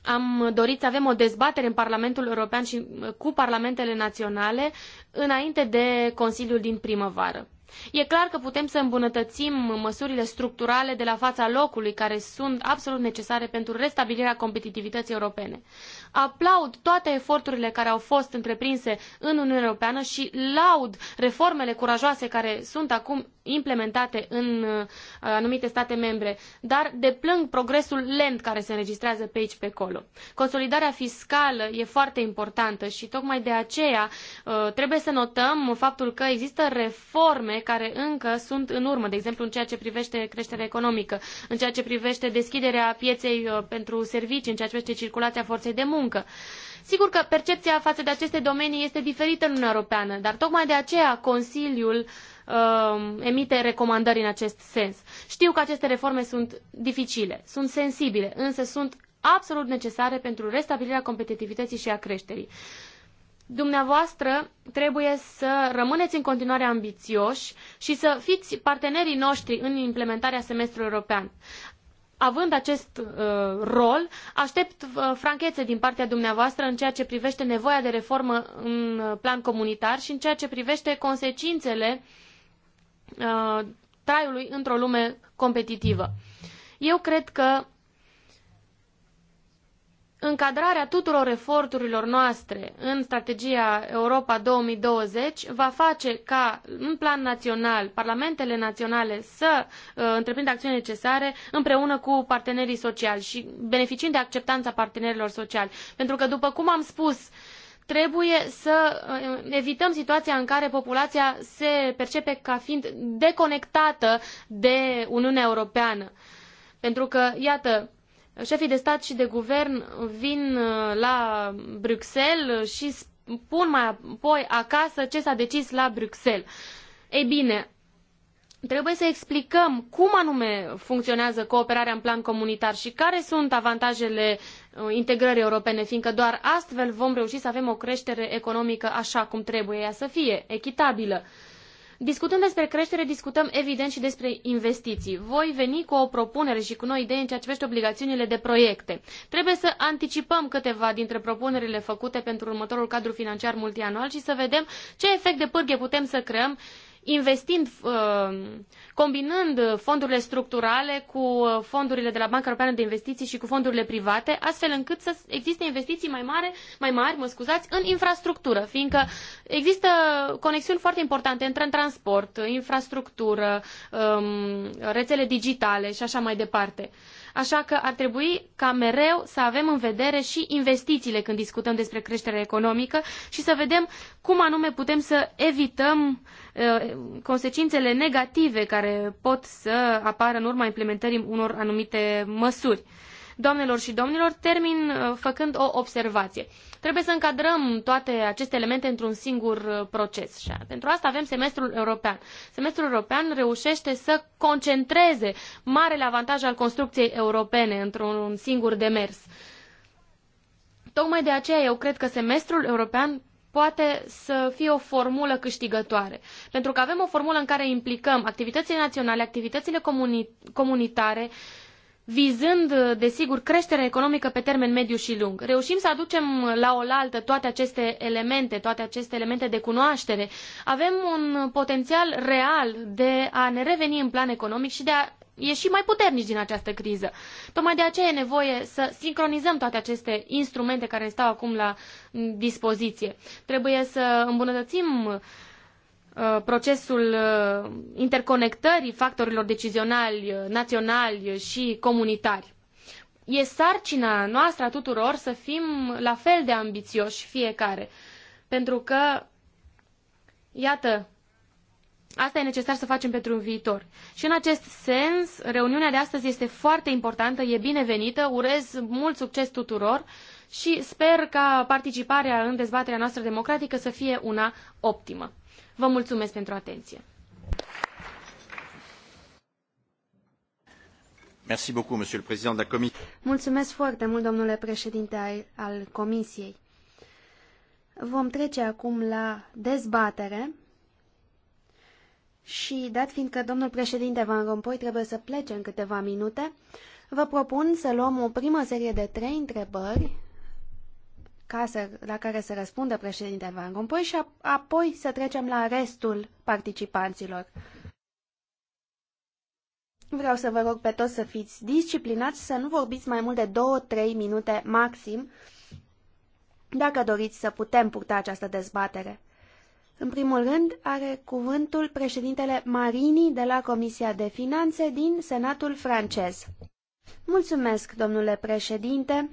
S3: am dorit să avem o dezbatere în Parlamentul European și uh, cu parlamentele naționale înainte de Consiliul din primăvară. E clar că putem să îmbunătățim măsurile structurale de la fața locului, care sunt absolut necesare pentru restabilirea competitivității europene. Aplaud toate eforturile care au fost întreprinse în Uniunea Europeană și laud reformele curajoase care sunt acum implementate în uh, anumite state membre, dar deplâng progresul lent care se înregistrează pe aici pe acolo. Consolidarea fiscală e foarte importantă și tocmai de aceea uh, trebuie să notăm faptul că există reforme care încă sunt în urmă, de exemplu în ceea ce privește creșterea economică, în ceea ce privește deschiderea pieței uh, pentru servicii, în ceea ce privește circulația forței de muncă. Sigur că percepția față de aceste domenii este diferită în Uniunea Europeană, dar tocmai de aceea Consiliul uh, emite recomandări în acest sens. Știu că aceste reforme sunt dificile, sunt sensibile, însă sunt absolut necesare pentru restabilirea competitivității și a creșterii. Dumneavoastră trebuie să rămâneți în continuare ambițioși și să fiți partenerii noștri în implementarea semestrului european. Având acest uh, rol, aștept uh, franchețe din partea dumneavoastră în ceea ce privește nevoia de reformă în uh, plan comunitar și în ceea ce privește consecințele uh, traiului într-o lume competitivă. Eu cred că Încadrarea tuturor eforturilor noastre în strategia Europa 2020 va face ca, în plan național, parlamentele naționale să uh, întreprindă acțiuni necesare împreună cu partenerii sociali și beneficiind de acceptanța partenerilor sociali. Pentru că, după cum am spus, trebuie să uh, evităm situația în care populația se percepe ca fiind deconectată de Uniunea Europeană. Pentru că, iată, șefii de stat și de guvern vin uh, la Bruxelles și spun mai apoi acasă ce s-a decis la Bruxelles. Ei bine, trebuie să explicăm cum anume funcționează cooperarea în plan comunitar și care sunt avantajele uh, integrării europene, fiindcă doar astfel vom reuși să avem o creștere economică așa cum trebuie ea să fie, echitabilă. Discutând despre creștere, discutăm evident și despre investiții. Voi veni cu o propunere și cu noi idei în ceea ce privește obligațiunile de proiecte. Trebuie să anticipăm câteva dintre propunerile făcute pentru următorul cadru financiar multianual și să vedem ce efect de pârghie putem să creăm investind, uh, combinând fondurile structurale cu uh, fondurile de la Banca Europeană de Investiții și cu fondurile private, astfel încât să existe investiții mai, mare, mai mari mă scuzați, în infrastructură, fiindcă există conexiuni foarte importante între transport, infrastructură, um, rețele digitale și așa mai departe. Uh, Așa că ar trebui ca mereu să avem în vedere și investițiile când discutăm despre creșterea economică și să vedem cum anume putem să evităm uh, consecințele negative care pot să apară în urma implementării unor anumite măsuri. Doamnelor și domnilor, termin uh, făcând o observație. Trebuie să încadrăm toate aceste elemente într-un singur uh, proces și uh, pentru asta avem semestrul european. Semestrul european reușește să concentreze marele avantaj al construcției europene într-un singur demers. Tocmai de aceea eu cred că semestrul european poate să fie o formulă câștigătoare. Pentru că avem o formulă în care implicăm activitățile naționale, activitățile comuni- comunitare, uh, vizând, desigur, creșterea economică pe termen mediu și lung. Reușim să aducem la oaltă toate aceste elemente, toate aceste elemente de cunoaștere. Avem un potențial real de a ne reveni în plan economic și de a ieși mai puternici din această criză. Tocmai de aceea e nevoie să sincronizăm toate aceste instrumente care stau acum la dispoziție. Trebuie să îmbunătățim Uh, procesul uh, interconectării factorilor decizionali uh, naționali și comunitari. E sarcina noastră a tuturor să fim la fel de ambițioși fiecare, pentru că, iată, Asta e necesar să facem pentru un viitor. Și în acest sens, reuniunea de astăzi este foarte importantă, e binevenită, urez mult succes tuturor și sper ca participarea în dezbaterea noastră democratică să fie una optimă. Vă mulțumesc pentru atenție.
S2: Mulțumesc foarte mult, domnule președinte al Comisiei. Vom trece acum la dezbatere și, dat fiind că domnul președinte Van Rompuy trebuie să plece în câteva minute, vă propun să luăm o primă serie de trei întrebări ca să, la care să răspundă președintele Van Rompuy și apoi să trecem la restul participanților. Vreau să vă rog pe toți să fiți disciplinați, să nu vorbiți mai mult de 2-3 minute maxim, dacă doriți să putem purta această dezbatere. În primul rând, are cuvântul președintele Marini de la Comisia de Finanțe din Senatul francez. Mulțumesc, domnule președinte,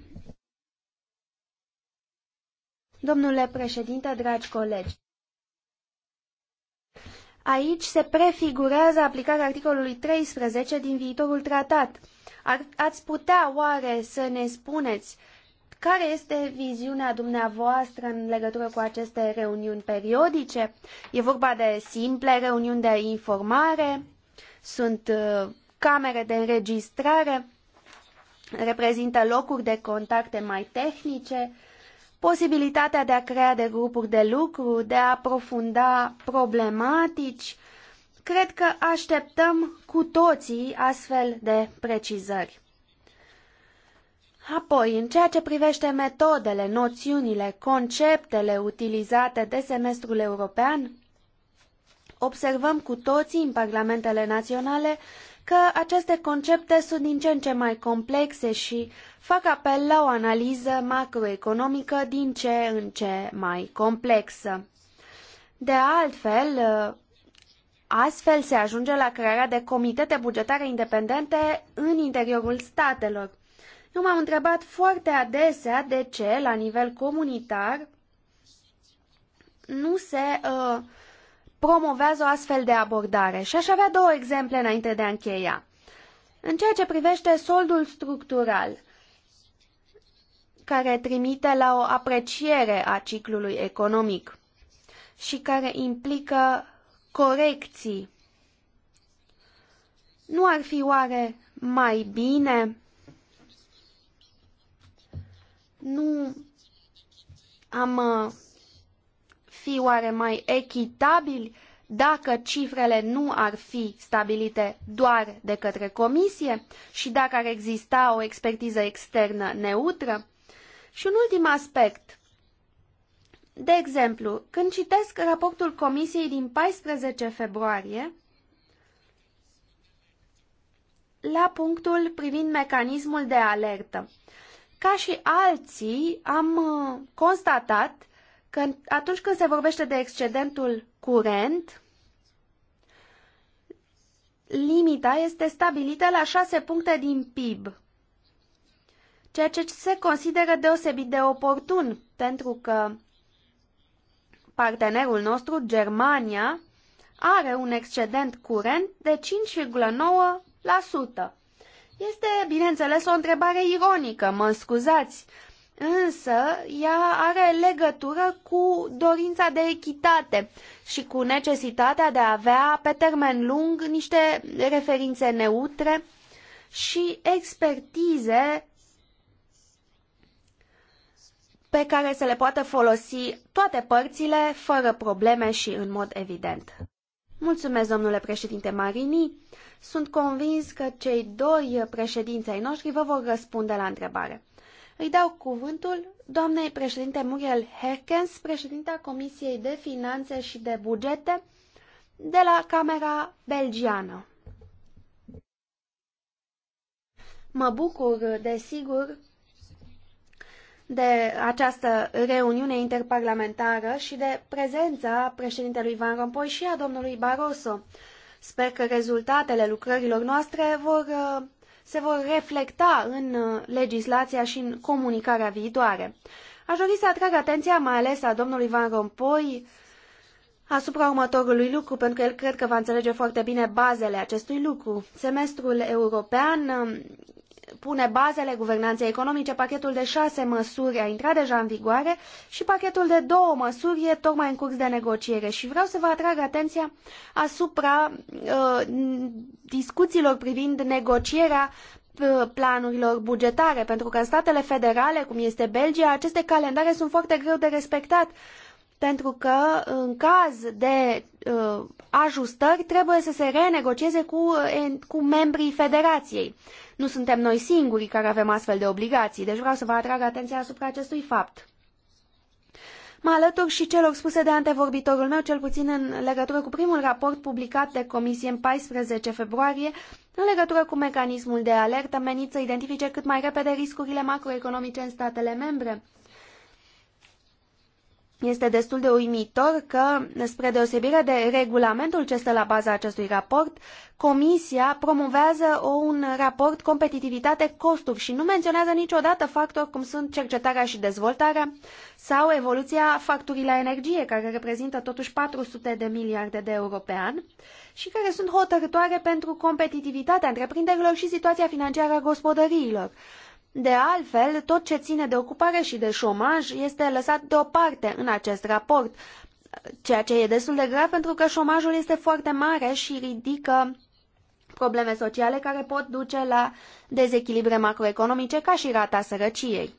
S2: Domnule președinte, dragi colegi, aici se prefigurează aplicarea articolului 13 din viitorul tratat. Ar, ați putea oare să ne spuneți care este viziunea dumneavoastră în legătură cu aceste reuniuni periodice? E vorba de simple reuniuni de informare? Sunt uh, camere de înregistrare? Reprezintă locuri de contacte mai tehnice? Uh, posibilitatea de a crea de grupuri de lucru, de a aprofunda problematici. Cred că așteptăm cu toții astfel de precizări. Apoi, în ceea ce privește metodele, noțiunile, conceptele utilizate de semestrul european, observăm cu toții în parlamentele naționale că aceste concepte sunt din ce în ce mai complexe și fac apel la o analiză macroeconomică din ce în ce mai complexă. De altfel, astfel se ajunge la crearea de comitete bugetare independente în interiorul statelor. Eu m-am întrebat foarte adesea de ce, la nivel comunitar, nu se uh, promovează o astfel de abordare. Și aș avea două exemple înainte de a încheia. În ceea ce privește soldul structural, care trimite la o apreciere a ciclului economic și care implică corecții. Nu ar fi oare mai bine? Nu am uh, fi oare mai echitabili dacă cifrele nu ar fi stabilite doar de către comisie și dacă ar exista o expertiză externă neutră? Și un ultim aspect. De exemplu, când citesc raportul comisiei din 14 februarie, la punctul privind mecanismul de alertă. Ca și alții, am uh, constatat că atunci când se vorbește de excedentul curent, limita este stabilită la 6 puncte din PIB, ceea ce se consideră deosebit de oportun, pentru că partenerul nostru, Germania, are un excedent curent de 5,9%. Este, bineînțeles, o întrebare ironică, mă scuzați, însă ea are legătură cu dorința de echitate și cu necesitatea de a avea pe termen lung niște referințe neutre și expertize pe care să le poată folosi toate părțile, fără probleme și în mod evident. Mulțumesc, domnule președinte Marini. Sunt convins că cei doi președinți ai noștri vă vor răspunde la întrebare. Îi dau cuvântul doamnei președinte Muriel Herkens, președinta Comisiei de Finanțe și de Bugete de la Camera Belgiană. Mă bucur, desigur, de această reuniune interparlamentară și de prezența președintelui Van Rompuy și a domnului Barroso. Sper că rezultatele lucrărilor noastre vor uh, se vor reflecta în uh, legislația și în comunicarea viitoare. Aș dori să atrag atenția mai ales a domnului Van Rompuy asupra următorului lucru, pentru că el cred că va înțelege foarte bine bazele acestui lucru. Semestrul european um, pune bazele guvernanței economice, pachetul de șase măsuri a intrat deja în vigoare și pachetul de două măsuri e tocmai în curs de negociere. Și vreau să vă atrag atenția asupra uh, discuțiilor privind negocierea uh, planurilor bugetare, pentru că în statele federale, cum este Belgia, aceste calendare sunt foarte greu de respectat, pentru că în caz de uh, ajustări trebuie să se renegocieze cu, uh, cu membrii federației. Uh, nu suntem noi singurii care avem astfel de obligații, deci vreau să vă atrag atenția asupra acestui fapt. Mă alătur și celor spuse de antevorbitorul meu, cel puțin în legătură cu primul raport publicat de Comisie în 14 februarie, în legătură cu mecanismul de alertă menit să identifice cât mai repede riscurile macroeconomice în statele membre este destul de uimitor că, spre deosebire de regulamentul ce stă la baza acestui raport, Comisia promovează un raport competitivitate-costuri și nu menționează niciodată factori cum sunt cercetarea și dezvoltarea sau evoluția facturii la energie, care reprezintă totuși 400 de miliarde de euro pe an și care sunt hotărătoare pentru competitivitatea întreprinderilor și situația financiară a gospodăriilor. De altfel, tot ce ține de ocupare și de șomaj este lăsat deoparte în acest raport, ceea ce e destul de grav pentru că șomajul este foarte mare și ridică probleme sociale care pot duce la dezechilibre macroeconomice ca și rata sărăciei.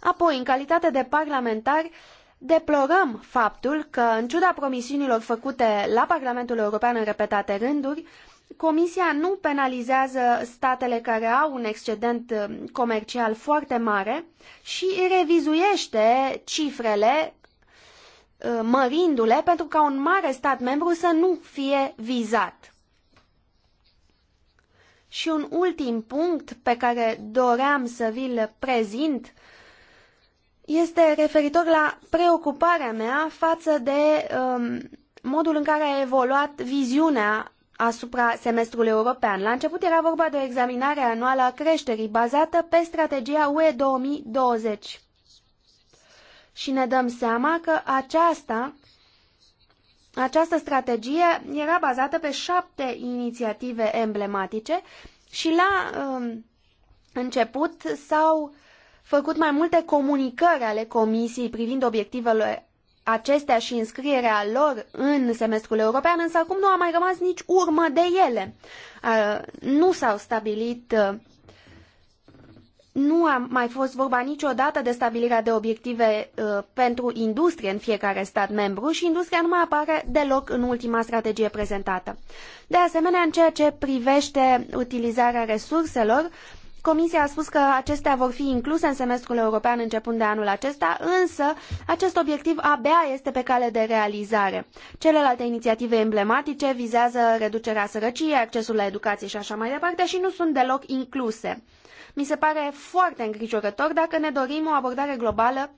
S2: Apoi, în calitate de parlamentari, deplorăm faptul că, în ciuda promisiunilor făcute la Parlamentul European în repetate rânduri, Comisia nu penalizează statele care au un excedent um, comercial foarte mare și revizuiește cifrele uh, mărindu-le pentru ca un mare stat membru să nu fie vizat. Și un ultim punct pe care doream să vi-l prezint este referitor la preocuparea mea față de um, modul în care a evoluat viziunea asupra semestrului european. La început era vorba de o examinare anuală a creșterii bazată pe strategia UE 2020. Și ne dăm seama că aceasta, această strategie era bazată pe șapte inițiative emblematice și la uh, început s-au făcut mai multe comunicări ale Comisiei privind obiectivele acestea și înscrierea lor în semestrul european, însă acum nu a mai rămas nici urmă de ele. Nu s-au stabilit nu a mai fost vorba niciodată de stabilirea de obiective pentru industrie în fiecare stat membru și industria nu mai apare deloc în ultima strategie prezentată. De asemenea, în ceea ce privește utilizarea resurselor, Comisia a spus că acestea vor fi incluse în semestrul european începând de anul acesta, însă acest obiectiv abia este pe cale de realizare. Celelalte inițiative emblematice vizează reducerea sărăciei, accesul la educație și așa mai departe și nu sunt deloc incluse. Mi se pare foarte îngrijorător dacă ne dorim o abordare globală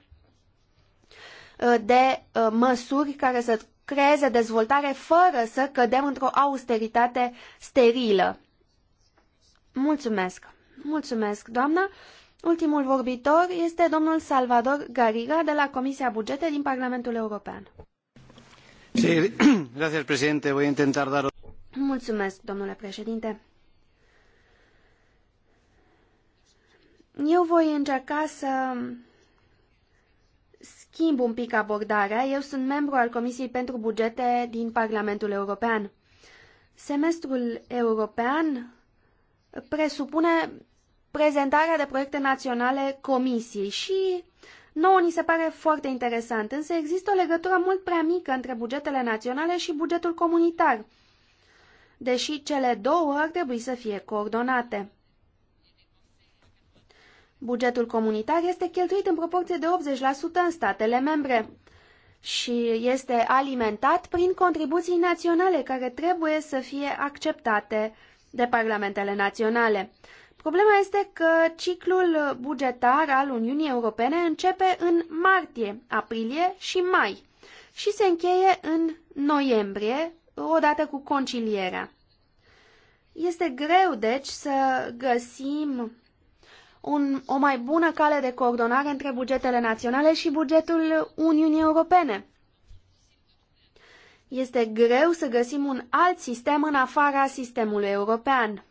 S2: uh, de uh, măsuri care să creeze dezvoltare fără să cădem într-o austeritate sterilă. Mulțumesc! Mulțumesc, doamnă. Ultimul vorbitor este domnul Salvador Gariga de la Comisia Bugete din Parlamentul European.
S1: Sí, gracias,
S2: presidente. Voi intentar dar... Mulțumesc, domnule președinte. Eu voi încerca să schimb un pic abordarea. Eu sunt membru al Comisiei pentru Bugete din Parlamentul European. Semestrul european presupune prezentarea de proiecte naționale comisiei și nouă ni se pare foarte interesant, însă există o legătură mult prea mică între bugetele naționale și bugetul comunitar, deși cele două ar trebui să fie coordonate. Bugetul comunitar este cheltuit în proporție de 80% în statele membre și este alimentat prin contribuții naționale care trebuie să fie acceptate de parlamentele naționale. Problema este că ciclul bugetar al Uniunii Europene începe în martie, aprilie și mai și se încheie în noiembrie, odată cu concilierea. Este greu, deci, să găsim un, o mai bună cale de coordonare între bugetele naționale și bugetul Uniunii Europene. Este greu să găsim un alt sistem în afara sistemului european.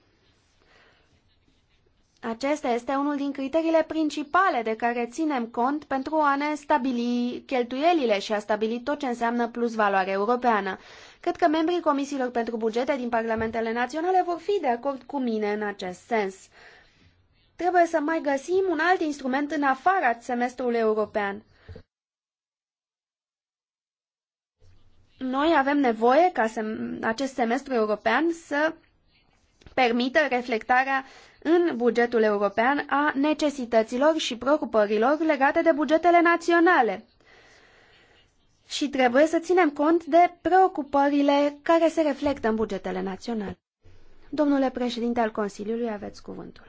S2: Acesta este unul din criteriile principale de care ținem cont pentru a ne stabili cheltuielile și a stabili tot ce înseamnă plus valoare europeană. Cred că membrii comisiilor pentru bugete din parlamentele naționale vor fi de acord cu mine în acest sens. Trebuie să mai găsim un alt instrument în afara semestrului european. Noi avem nevoie ca acest semestru european să permită reflectarea în bugetul european a necesităților și preocupărilor legate de bugetele naționale. Și trebuie să ținem cont de preocupările care se reflectă în bugetele naționale. Domnule președinte al Consiliului, aveți cuvântul.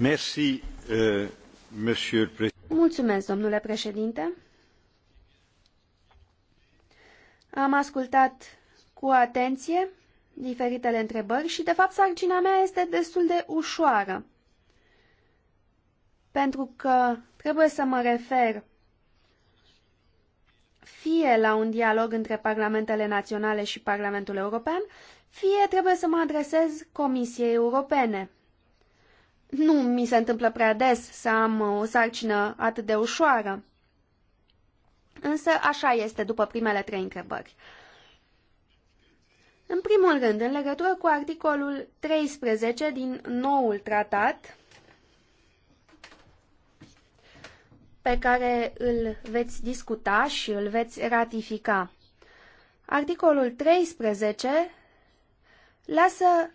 S3: Merci, uh,
S2: Mulțumesc, domnule președinte. Am ascultat cu atenție diferitele întrebări și, de fapt, sarcina mea este destul de ușoară. Pentru că trebuie să mă refer fie la un dialog între parlamentele naționale și Parlamentul European, fie trebuie să mă adresez Comisiei Europene. Nu mi se întâmplă prea des să am o sarcină atât de ușoară. Însă așa este după primele trei întrebări. În primul rând, în legătură cu articolul 13 din noul tratat, pe care îl veți discuta și îl veți ratifica. Articolul 13 lasă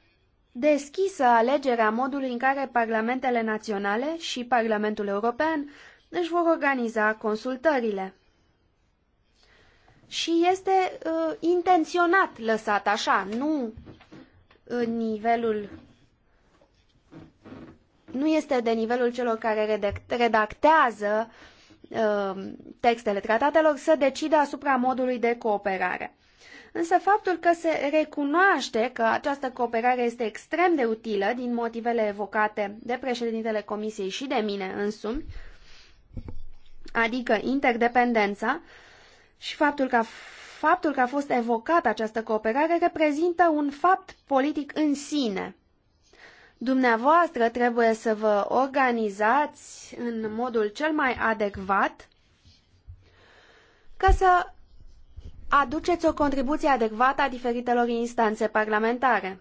S2: deschisă alegerea modului în care parlamentele naționale și Parlamentul European își vor organiza consultările și este uh, intenționat lăsat așa, nu în nivelul nu este de nivelul celor care redactează uh, textele tratatelor să decide asupra modului de cooperare. Însă faptul că se recunoaște că această cooperare este extrem de utilă din motivele evocate de președintele Comisiei și de mine însumi, adică interdependența, și faptul că a, faptul că a fost evocată această cooperare reprezintă un fapt politic în sine. Dumneavoastră trebuie să vă organizați în modul cel mai adecvat ca să aduceți o contribuție adecvată a diferitelor instanțe parlamentare.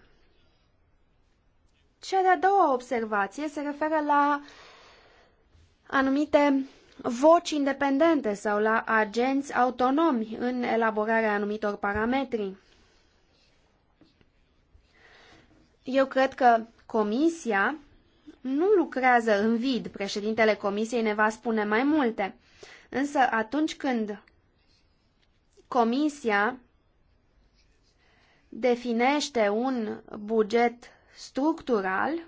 S2: Cea de-a doua observație se referă la anumite voci independente sau la agenți autonomi în elaborarea anumitor parametri. Eu cred că comisia nu lucrează în vid. Președintele comisiei ne va spune mai multe. Însă atunci când comisia definește un buget structural,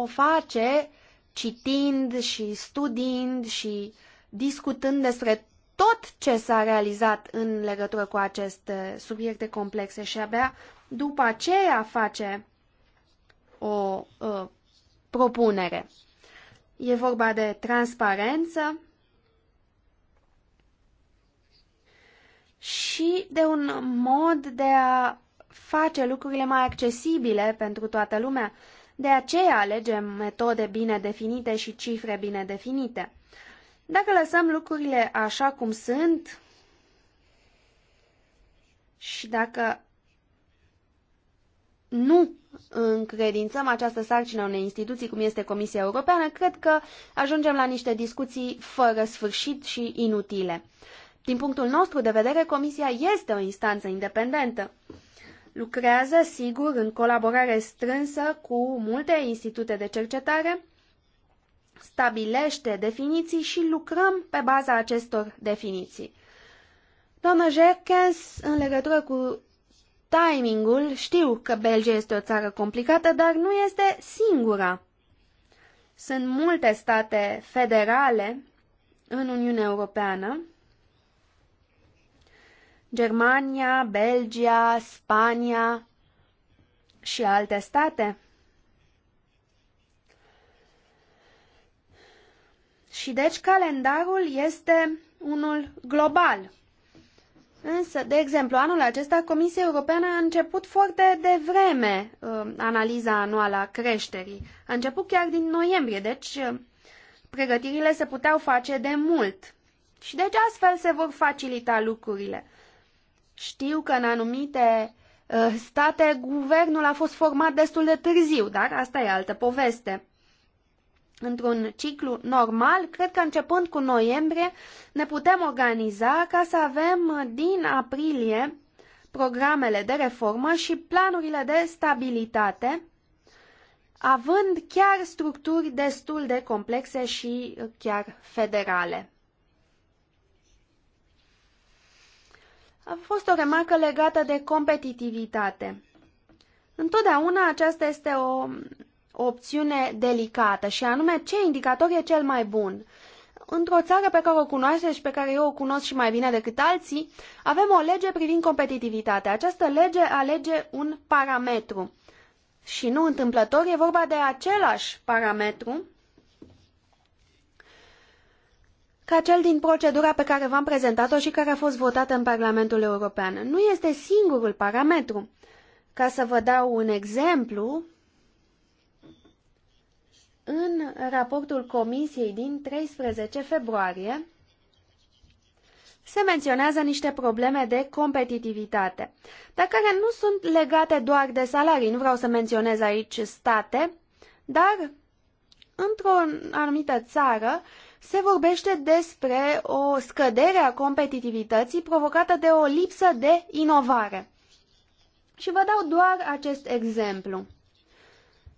S2: o face citind și studiind și discutând despre tot ce s-a realizat în legătură cu aceste subiecte complexe și abia după aceea face o uh, propunere. E vorba de transparență și de un mod de a face lucrurile mai accesibile pentru toată lumea. Uh, de aceea alegem metode bine definite și cifre bine definite. Dacă lăsăm lucrurile așa cum sunt și dacă nu încredințăm această sarcină unei instituții cum este Comisia Europeană, cred că ajungem la niște discuții fără sfârșit și inutile. Din punctul nostru de vedere, Comisia este o instanță independentă Lucrează, sigur, în colaborare strânsă cu multe institute de cercetare, stabilește definiții și lucrăm pe baza acestor definiții. Doamna Jerkens, în legătură cu timingul, știu că Belgia este o țară complicată, dar nu este singura. Sunt multe state federale în Uniunea Europeană Germania, Belgia, Spania și alte state? Și deci calendarul este unul global. Însă, de exemplu, anul acesta Comisia Europeană a început foarte devreme uh, analiza anuală a creșterii. A început chiar din noiembrie, deci uh, pregătirile se puteau face de mult. Și deci astfel se vor facilita lucrurile. Știu că în anumite uh, state guvernul a fost format destul de târziu, dar asta e altă poveste. Într-un ciclu normal, cred că începând cu noiembrie ne putem organiza ca să avem uh, din aprilie programele de reformă și planurile de stabilitate, având chiar structuri destul de complexe și uh, chiar federale. A fost o remarcă legată de competitivitate. Întotdeauna aceasta este o opțiune delicată și anume ce indicator e cel mai bun. Într-o țară pe care o cunoaște și pe care eu o cunosc și mai bine decât alții, avem o lege privind competitivitatea. Această lege alege un parametru. Și nu întâmplător, e vorba de același parametru ca cel din procedura pe care v-am prezentat-o și care a fost votată în Parlamentul European. Nu este singurul parametru. Ca să vă dau un exemplu, în raportul Comisiei din 13 februarie se menționează niște probleme de competitivitate, dar care nu sunt legate doar de salarii. Nu vreau să menționez aici state, dar într-o anumită țară se vorbește despre o scădere a competitivității provocată de o lipsă de inovare. Și vă dau doar acest exemplu.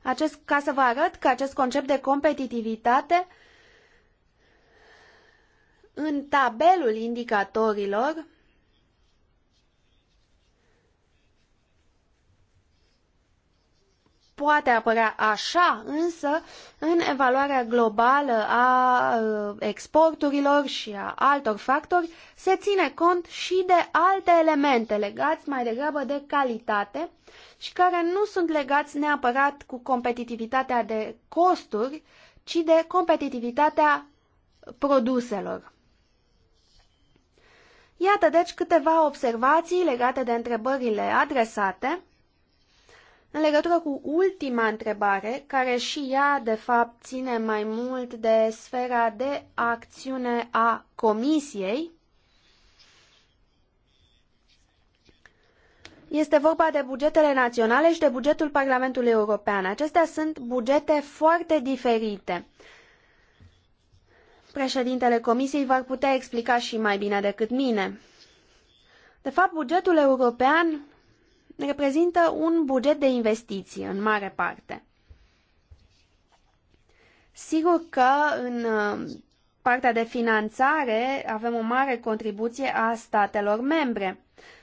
S2: Acest, ca să vă arăt că acest concept de competitivitate în tabelul indicatorilor poate apărea așa, însă în evaluarea globală a uh, exporturilor și a altor factori se ține cont și de alte elemente legați mai degrabă de calitate și care nu sunt legați neapărat cu competitivitatea de costuri, ci de competitivitatea produselor. Iată deci câteva observații legate de întrebările adresate în legătură cu ultima întrebare, care și ea, de fapt, ține mai mult de sfera de acțiune a Comisiei, Este vorba de bugetele naționale și de bugetul Parlamentului European. Acestea sunt bugete foarte diferite. Președintele Comisiei v-ar putea explica și mai bine decât mine. De fapt, bugetul european reprezintă un buget de investiții în mare parte. Sigur că în uh, partea de finanțare avem o mare contribuție a statelor membre.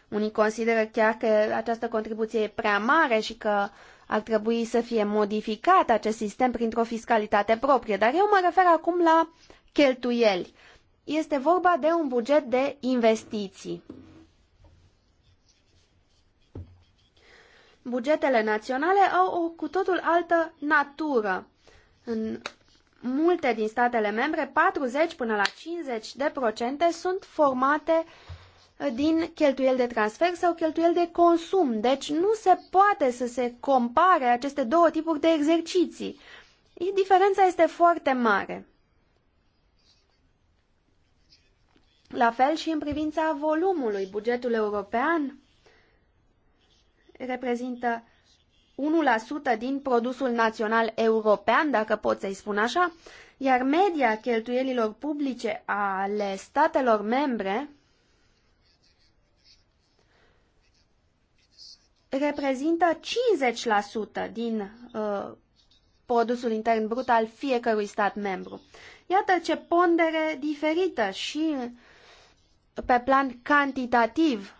S2: Unii consideră chiar că această contribuție e prea mare și că ar trebui să fie modificat acest sistem printr-o fiscalitate proprie, dar eu mă refer acum la cheltuieli. Este vorba de un buget de investiții. bugetele naționale au o cu totul altă natură. În multe din statele membre, 40 până la 50 de procente sunt formate din cheltuieli de transfer sau cheltuieli de consum. Deci nu se poate să se compare aceste două tipuri de exerciții. Diferența este foarte mare. La fel și în privința volumului, bugetul european reprezintă 1% din produsul național european, dacă pot să-i spun așa, iar media cheltuielilor publice ale statelor membre reprezintă 50% din uh, produsul intern brut al fiecărui stat membru. Iată ce pondere diferită și pe plan cantitativ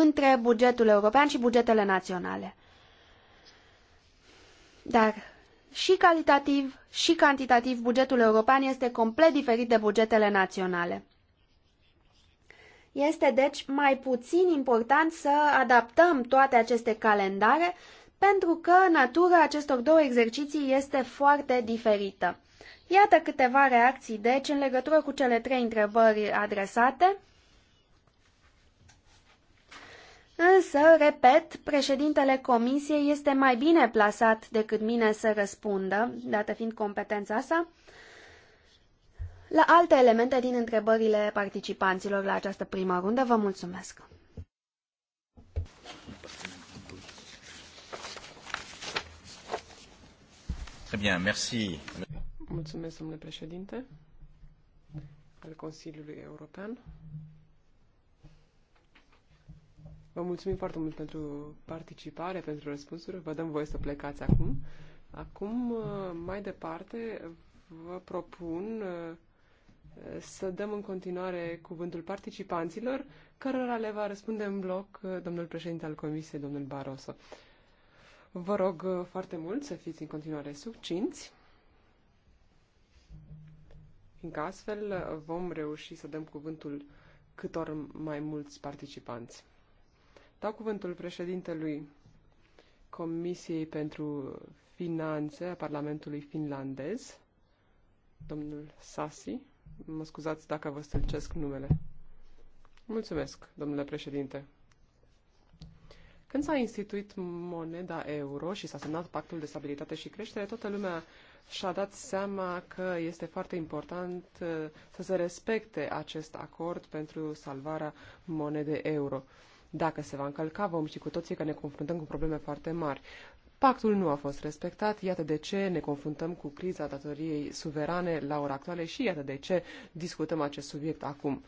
S2: între bugetul european și bugetele naționale. Dar și calitativ și cantitativ bugetul european este complet diferit de bugetele naționale. Este deci mai puțin important să adaptăm toate aceste calendare pentru că natura acestor două exerciții este foarte diferită. Iată câteva reacții, deci, în legătură cu cele trei întrebări adresate. Însă, repet, președintele comisiei este mai bine plasat decât mine să răspundă, dată fiind competența sa, la alte elemente din întrebările participanților la această primă rundă. Vă mulțumesc!
S1: Mulțumesc, domnule președinte al Consiliului European. Vă mulțumim foarte mult pentru participare, pentru răspunsuri. Vă dăm voie să plecați acum. Acum, uh, mai departe, vă propun uh, să dăm în continuare cuvântul participanților, cărora le va răspunde în bloc uh, domnul președinte al Comisiei, domnul Barroso. Vă rog foarte mult să fiți în continuare succinți, fiindcă astfel vom reuși să dăm cuvântul câtor mai mulți participanți. Dau cuvântul președintelui Comisiei pentru Finanțe a Parlamentului finlandez, domnul Sasi. Mă scuzați dacă vă stâlcesc numele. Mulțumesc, domnule președinte. Când s-a instituit moneda euro și s-a semnat pactul de stabilitate și creștere, toată lumea și-a dat seama că este foarte important uh, să se respecte acest acord pentru salvarea monedei euro. Dacă se va încălca, vom ști cu toții că ne confruntăm cu probleme foarte mari. Pactul nu a fost respectat, iată de ce ne confruntăm cu criza datoriei suverane la ora actuală și iată de ce discutăm acest subiect acum.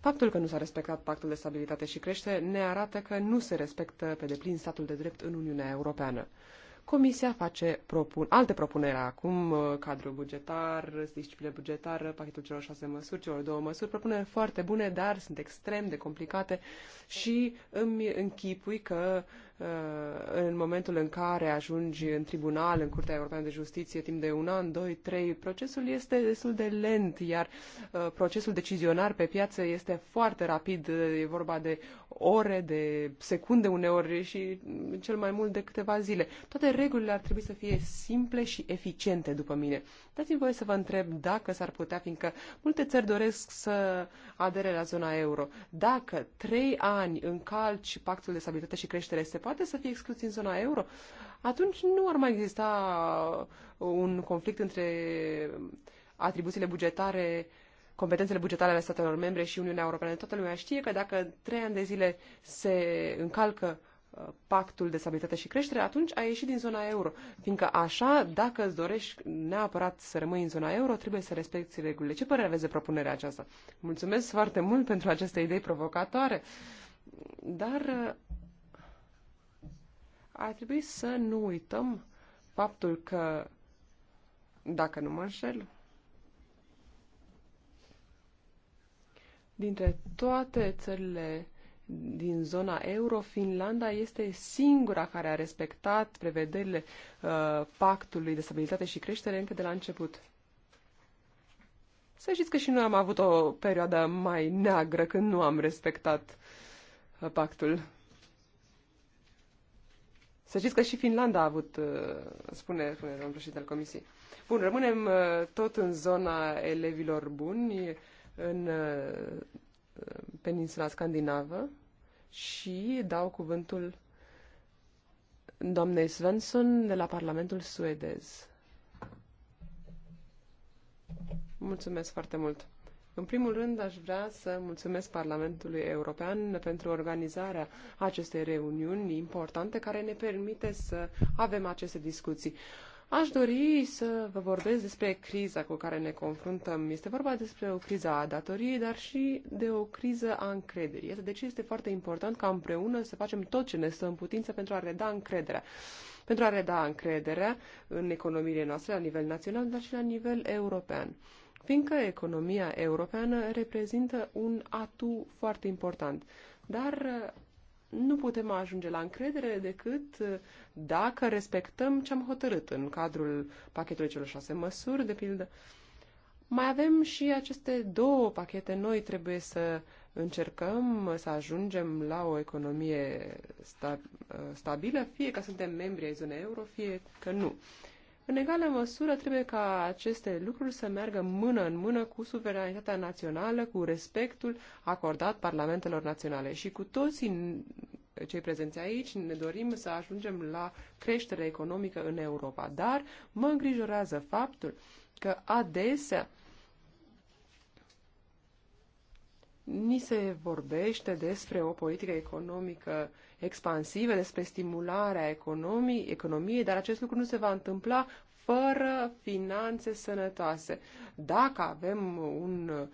S1: Faptul că nu s-a respectat pactul de stabilitate și crește ne arată că nu se respectă pe deplin statul de drept în Uniunea Europeană. Comisia face propun, alte propuneri acum, uh, cadrul bugetar, disciplină bugetară, pachetul celor șase măsuri, celor două măsuri, propuneri foarte bune, dar sunt extrem de complicate și îmi închipui că uh, Uh, în momentul în care ajungi în tribunal, în Curtea Europeană de Justiție, timp de un an, doi, trei, procesul este destul de lent, iar uh, procesul decizionar pe piață este foarte rapid, e vorba de ore, de secunde uneori și cel mai mult de câteva zile. Toate regulile ar trebui să fie simple și eficiente, după mine. Dați-mi voie să vă întreb dacă s-ar putea, fiindcă multe țări doresc să adere la zona euro. Dacă trei ani încalci pactul de stabilitate și creștere, se poate să fie exclus din zona euro, atunci nu ar mai exista uh, un conflict între atribuțiile bugetare competențele bugetare ale statelor membre și Uniunea Europeană. Toată lumea știe că dacă trei ani de zile se încalcă uh, pactul de stabilitate și creștere, atunci ai ieșit din zona euro. Fiindcă așa, dacă îți dorești neapărat să rămâi în zona euro, trebuie să respecti regulile. Ce părere aveți de propunerea aceasta? Mulțumesc foarte mult pentru aceste idei provocatoare, dar uh, ar trebui să nu uităm faptul că, dacă nu mă înșel, dintre toate țările din zona euro, Finlanda este singura care a respectat prevederile uh, pactului de stabilitate și creștere încă de la început. Să știți că și noi am avut o perioadă mai neagră când nu am respectat uh, pactul. Să știți că și Finlanda a avut, uh, spune, spune domnul președinte al Comisiei. Bun, rămânem uh, tot în zona elevilor buni, în uh, peninsula scandinavă și dau cuvântul doamnei Svensson de la Parlamentul suedez. Mulțumesc foarte mult! În primul rând, aș vrea să mulțumesc Parlamentului European pentru organizarea acestei reuniuni importante care ne permite să avem aceste discuții. Aș dori să vă vorbesc despre criza cu care ne confruntăm. Este vorba despre o criză a datoriei, dar și de o criză a încrederii. Iată deci este foarte important ca împreună să facem tot ce ne stă în putință pentru a reda încrederea. Pentru a reda încrederea în economiile noastre la nivel național, dar și la nivel european fiindcă economia europeană reprezintă un atu foarte important. Dar uh, nu putem ajunge la încredere decât uh, dacă respectăm ce am hotărât în cadrul pachetului celor șase măsuri, de pildă. Mai avem și aceste două pachete noi. Trebuie să încercăm să ajungem la o economie sta- uh, stabilă, fie că suntem membri ai zonei euro, fie că nu. În egală măsură trebuie ca aceste lucruri să meargă mână în mână cu suveranitatea națională, cu respectul acordat parlamentelor naționale. Și cu toții cei prezenți aici ne dorim să ajungem la creștere economică în Europa, dar mă îngrijorează faptul că adesea ni se vorbește despre o politică economică expansivă, despre stimularea economii, economiei, dar acest lucru nu se va întâmpla fără finanțe sănătoase. Dacă avem un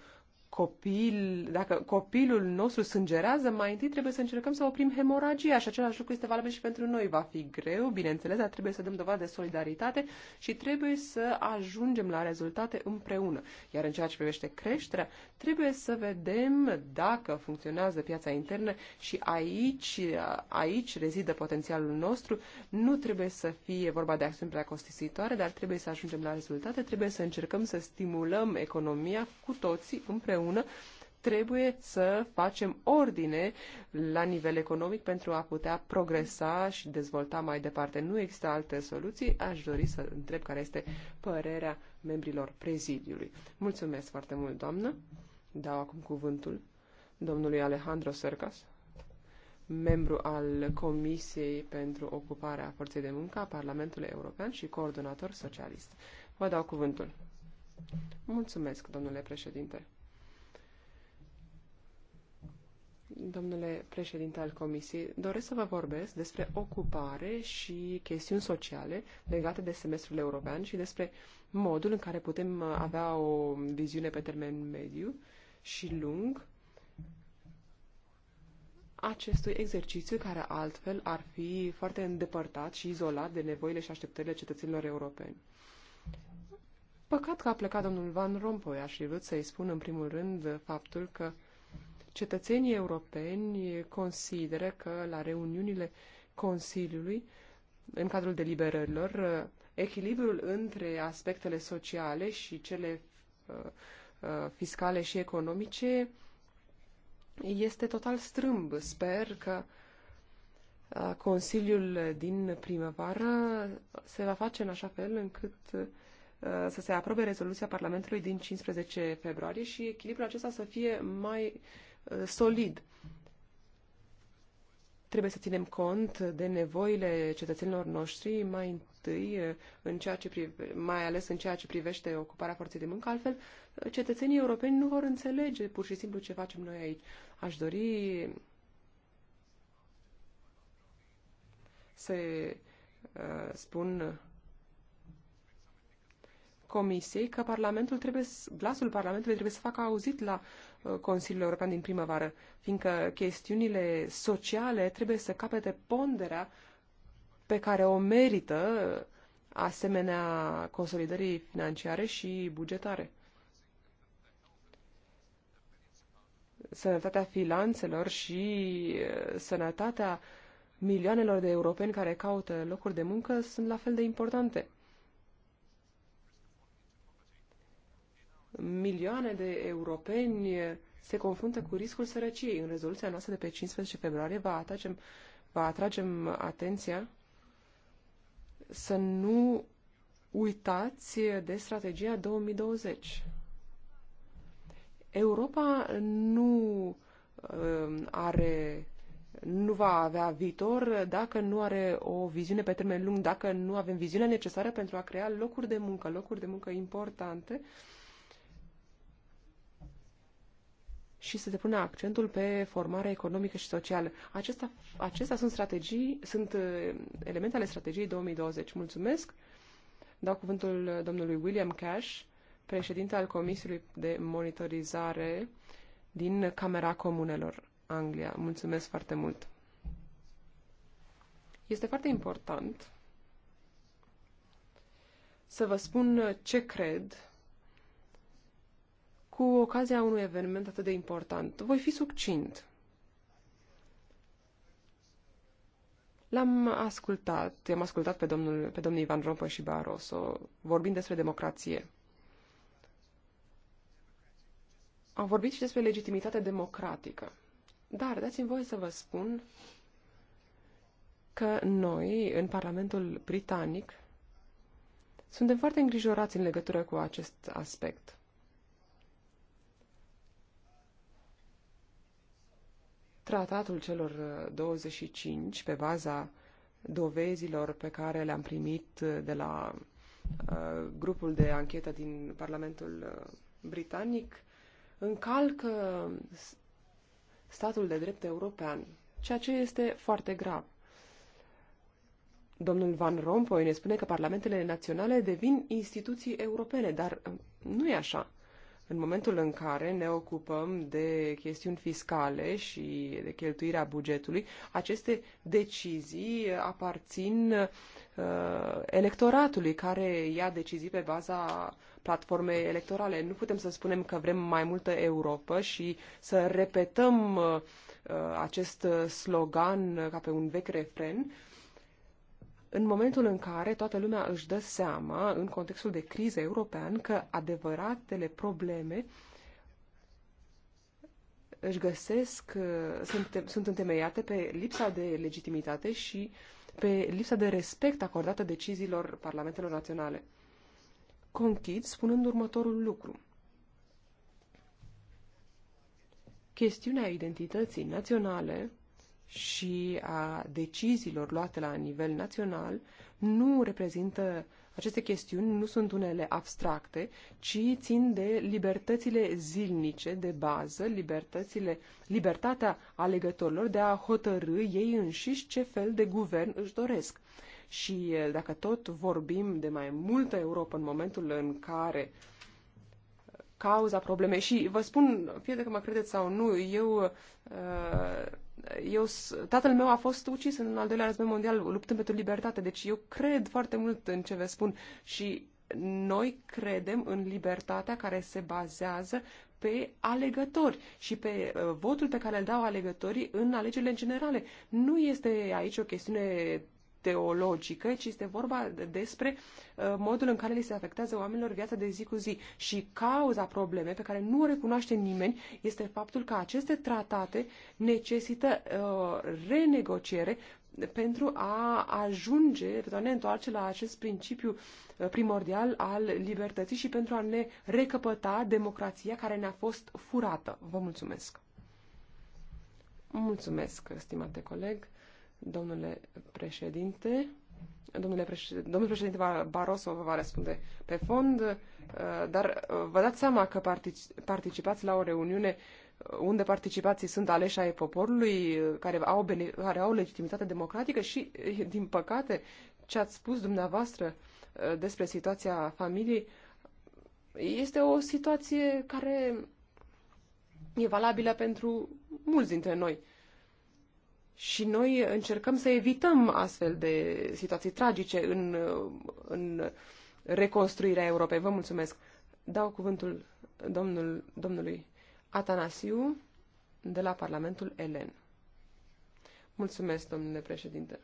S1: copil, dacă copilul nostru sângerează, mai întâi trebuie să încercăm să oprim hemoragia și același lucru este valabil și pentru noi. Va fi greu, bineînțeles, dar trebuie să dăm dovadă de solidaritate și trebuie să ajungem la rezultate împreună. Iar în ceea ce privește creșterea, trebuie să vedem dacă funcționează piața internă și aici, aici rezidă potențialul nostru. Nu trebuie să fie vorba de acțiuni prea costisitoare, dar trebuie să ajungem la rezultate, trebuie să încercăm să stimulăm economia cu toții împreună împreună, trebuie să facem ordine la nivel economic pentru a putea progresa și dezvolta mai departe. Nu există alte soluții. Aș dori să întreb care este părerea membrilor prezidiului. Mulțumesc foarte mult, doamnă. Dau acum cuvântul domnului Alejandro Sercas, membru al Comisiei pentru Ocuparea Forței de Muncă a Parlamentului European și coordonator socialist. Vă dau cuvântul. Mulțumesc, domnule președinte. Domnule președinte al Comisiei, doresc să vă vorbesc despre ocupare și chestiuni sociale legate de semestrul european și despre modul în care putem avea o viziune pe termen mediu și lung acestui exercițiu care altfel ar fi foarte îndepărtat și izolat de nevoile și așteptările cetățenilor europeni. Păcat că a plecat domnul Van Rompuy, aș fi vrut să-i spun în primul rând faptul că Cetățenii europeni consideră că la reuniunile Consiliului, în cadrul deliberărilor, echilibrul între aspectele sociale și cele uh, uh, fiscale și economice este total strâmb. Sper că uh, Consiliul din primăvară se va face în așa fel încât să se aprobe rezoluția Parlamentului din 15 februarie și echilibrul acesta să fie mai solid. Trebuie să ținem cont de nevoile cetățenilor noștri mai întâi, în ceea ce prive, mai ales în ceea ce privește ocuparea forței de muncă, altfel cetățenii europeni nu vor înțelege pur și simplu ce facem noi aici. Aș dori să uh, spun Comisiei că Parlamentul trebuie, glasul Parlamentului trebuie să facă auzit la Uh, Consiliul European din primăvară, fiindcă chestiunile sociale trebuie să capete ponderea pe care o merită asemenea consolidării financiare și bugetare. Sănătatea finanțelor și uh, sănătatea milioanelor de europeni care caută locuri de muncă sunt la fel de importante. milioane de europeni se confruntă cu riscul sărăciei. În rezoluția noastră de pe 15 februarie va atragem, va atragem atenția să nu uitați de strategia 2020. Europa nu um, are nu va avea viitor dacă nu are o viziune pe termen lung, dacă nu avem viziunea necesară pentru a crea locuri de muncă, locuri de muncă importante uh, și să se pună accentul pe formarea economică și socială. Acestea, acestea sunt strategii, sunt uh, elemente ale strategiei 2020. Mulțumesc. Dau cuvântul domnului William Cash, președinte al Comisiei de Monitorizare din Camera Comunelor, Anglia. Mulțumesc foarte mult. Este foarte important să vă spun ce cred cu ocazia unui eveniment atât de important. Voi fi succint. L-am ascultat, i-am ascultat pe, domnul, pe domnii Ivan Rompă și Barroso, vorbind despre democrație. Am vorbit și despre legitimitate democratică. Dar dați-mi voie să vă spun că noi, în Parlamentul Britanic, suntem foarte îngrijorați în legătură cu acest aspect. Tratatul celor 25, uh, pe baza dovezilor pe care le-am primit uh, de la uh, grupul de anchetă din Parlamentul Britanic, încalcă statul de drept european, ceea ce este foarte grav. Domnul Van Rompuy ne spune că parlamentele naționale devin instituții europene, dar nu e așa. În momentul în care ne ocupăm de chestiuni fiscale și de cheltuirea bugetului, aceste decizii aparțin uh, electoratului care ia decizii pe baza platformei electorale. Nu putem să spunem că vrem mai multă Europa și să repetăm uh, uh acest slogan ca pe un vechi refren, uh, în momentul în care toată lumea își dă seama, în contextul de criză european, că adevăratele probleme își găsesc, uh, sunt, sunt întemeiate pe lipsa de legitimitate și pe lipsa de respect acordată deciziilor parlamentelor naționale. Conchid spunând următorul lucru. Chestiunea identității naționale și a deciziilor luate la nivel național nu reprezintă aceste chestiuni nu sunt unele abstracte, ci țin de libertățile zilnice de bază, libertățile, libertatea alegătorilor de a hotărâ ei înșiși ce fel de guvern își doresc. Și dacă tot vorbim de mai multă Europa în momentul în care cauza problemei, și vă spun, fie că mă credeți sau nu, eu uh, eu, tatăl meu a fost ucis în al doilea război mondial luptând pentru libertate, deci eu cred foarte mult în ce vă spun și noi credem în libertatea care se bazează pe alegători și pe uh, votul pe care îl dau alegătorii în alegerile în generale. Nu este aici o chestiune teologică, ci este vorba despre uh, modul în care li se afectează oamenilor viața de zi cu zi. Și cauza probleme pe care nu o recunoaște nimeni este faptul că aceste tratate necesită uh, renegociere pentru a ajunge, pentru a ne întoarce la acest principiu uh, primordial al libertății și pentru a ne recăpăta democrația care ne-a fost furată. Vă mulțumesc! Mulțumesc, stimate coleg! Domnule președinte, domnule președinte, domnul președinte Barroso vă va răspunde pe fond, uh, dar uh, vă dați seama că participați la o reuniune unde participații sunt aleși ai poporului, uh, care au, care au legitimitate democratică și, din păcate, ce ați spus dumneavoastră despre situația familiei este o situație care e valabilă pentru mulți dintre noi. Și noi încercăm să evităm astfel de situații tragice în, în reconstruirea Europei. Vă mulțumesc. Dau cuvântul domnul, domnului Atanasiu de la Parlamentul Elen. Mulțumesc, domnule președinte.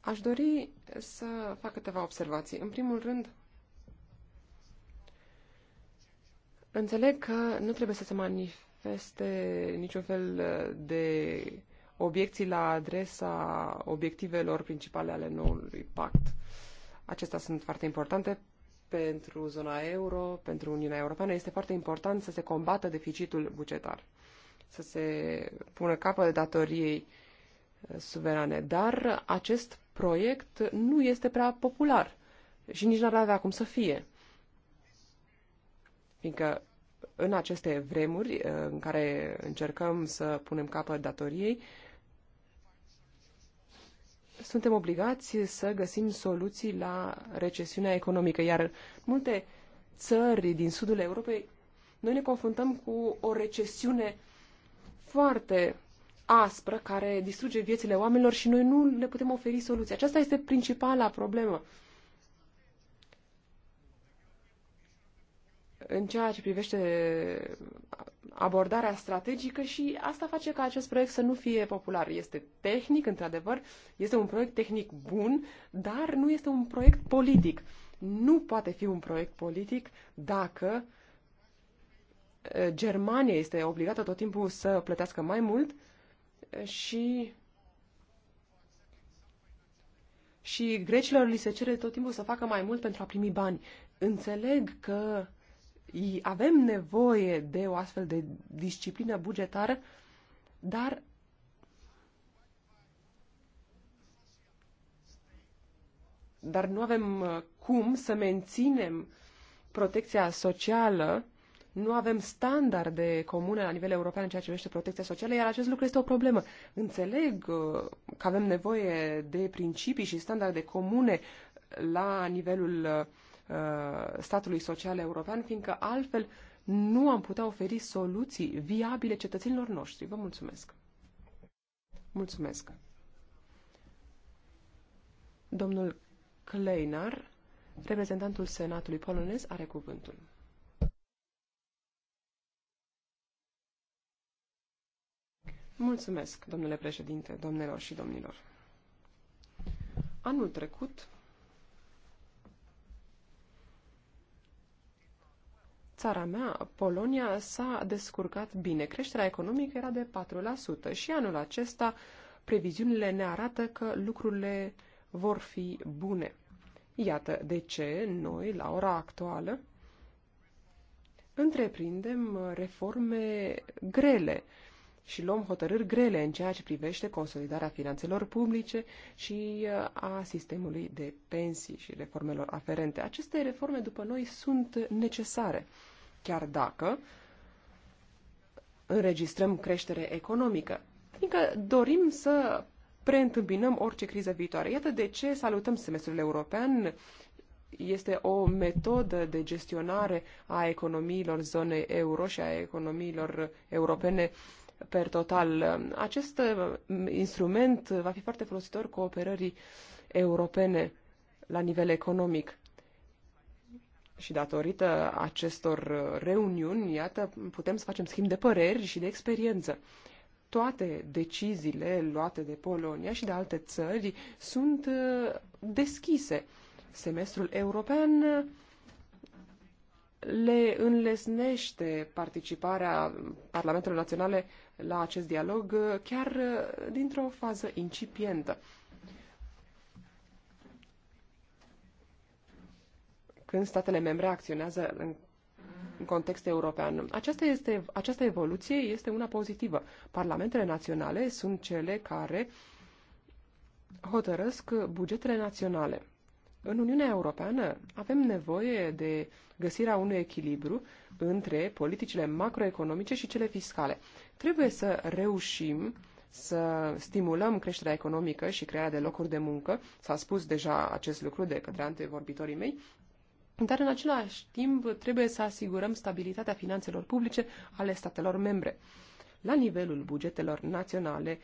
S1: Aș dori să fac câteva observații. În primul rând, înțeleg că nu trebuie să se manifeste manifeste niciun fel de obiecții la adresa obiectivelor principale ale noului pact. Acestea sunt foarte importante pentru zona euro, pentru Uniunea Europeană. Este foarte important să se combată deficitul bugetar, să se pună capăt datoriei suverane. Dar acest proiect nu este prea popular și nici n-ar avea cum să fie. Fiindcă în aceste vremuri uh, în care încercăm să punem capăt datoriei, suntem obligați să găsim soluții la recesiunea economică, iar multe țări din sudul Europei, noi ne confruntăm cu o recesiune foarte aspră care distruge viețile oamenilor și noi nu le putem oferi soluții. Aceasta este principala problemă. în ceea ce privește abordarea strategică și asta face ca acest proiect să nu fie popular. Este tehnic, într-adevăr, este un proiect tehnic bun, dar nu este un proiect politic. Nu poate fi un proiect politic dacă Germania este obligată tot timpul să plătească mai mult și și grecilor li se cere tot timpul să facă mai mult pentru a primi bani. Înțeleg că avem nevoie de o astfel de disciplină bugetară, dar dar nu avem uh, cum să menținem protecția socială, nu avem standarde comune la nivel european în ceea ce privește protecția socială, iar acest lucru este o problemă. Înțeleg uh, că avem nevoie de principii și standarde comune la nivelul uh, Uh, statului social european, fiindcă altfel nu am putea oferi soluții viabile cetățenilor noștri. Vă mulțumesc! Mulțumesc! Domnul Kleinar, reprezentantul Senatului polonez, are cuvântul. Mulțumesc, domnule președinte, domnilor și domnilor. Anul trecut, Țara mea, Polonia, s-a descurcat bine. Creșterea economică era de 4% și anul acesta previziunile ne arată că lucrurile vor fi bune. Iată de ce noi, la ora actuală, întreprindem reforme grele și luăm hotărâri grele în ceea ce privește consolidarea finanțelor publice și uh, a sistemului de pensii și reformelor aferente. Aceste reforme, după noi, sunt necesare chiar dacă înregistrăm creștere economică, fiindcă dorim să preîntâmpinăm orice criză viitoare. Iată de ce salutăm semestrul european. Este o metodă de gestionare a economiilor zonei euro și a economiilor europene per total. Acest uh, instrument va fi foarte folositor cooperării europene la nivel economic. Și datorită acestor reuniuni, iată, putem să facem schimb de păreri și de experiență. Toate deciziile luate de Polonia și de alte țări sunt uh, deschise. Semestrul european uh, le înlesnește participarea Parlamentelor Naționale la acest dialog uh, chiar dintr-o fază incipientă. când statele membre acționează în, în context european. Aceasta, este, această evoluție este una pozitivă. Parlamentele naționale sunt cele care hotărăsc bugetele naționale. În Uniunea Europeană avem nevoie de găsirea unui echilibru între politicile macroeconomice și cele fiscale. Trebuie să reușim să stimulăm creșterea economică și crearea de locuri de muncă. S-a spus deja acest lucru de către antevorbitorii mei, dar în același timp trebuie să asigurăm stabilitatea finanțelor publice ale statelor membre. La nivelul bugetelor naționale,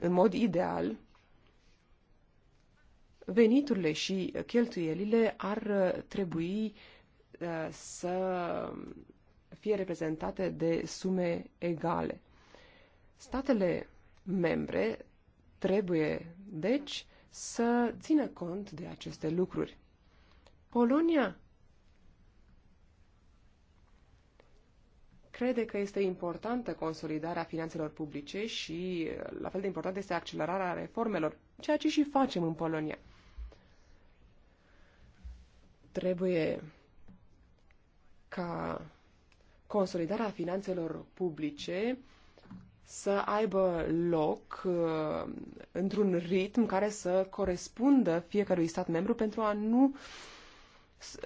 S1: în mod ideal, veniturile și cheltuielile ar trebui uh, să fie reprezentate de sume egale. Statele membre trebuie, deci, să țină cont de aceste lucruri. Polonia crede că este importantă consolidarea finanțelor publice și la fel de importantă este accelerarea reformelor, ceea ce și facem în Polonia. Trebuie ca consolidarea finanțelor publice să aibă loc uh, într-un ritm care să corespundă fiecărui stat membru pentru a nu uh,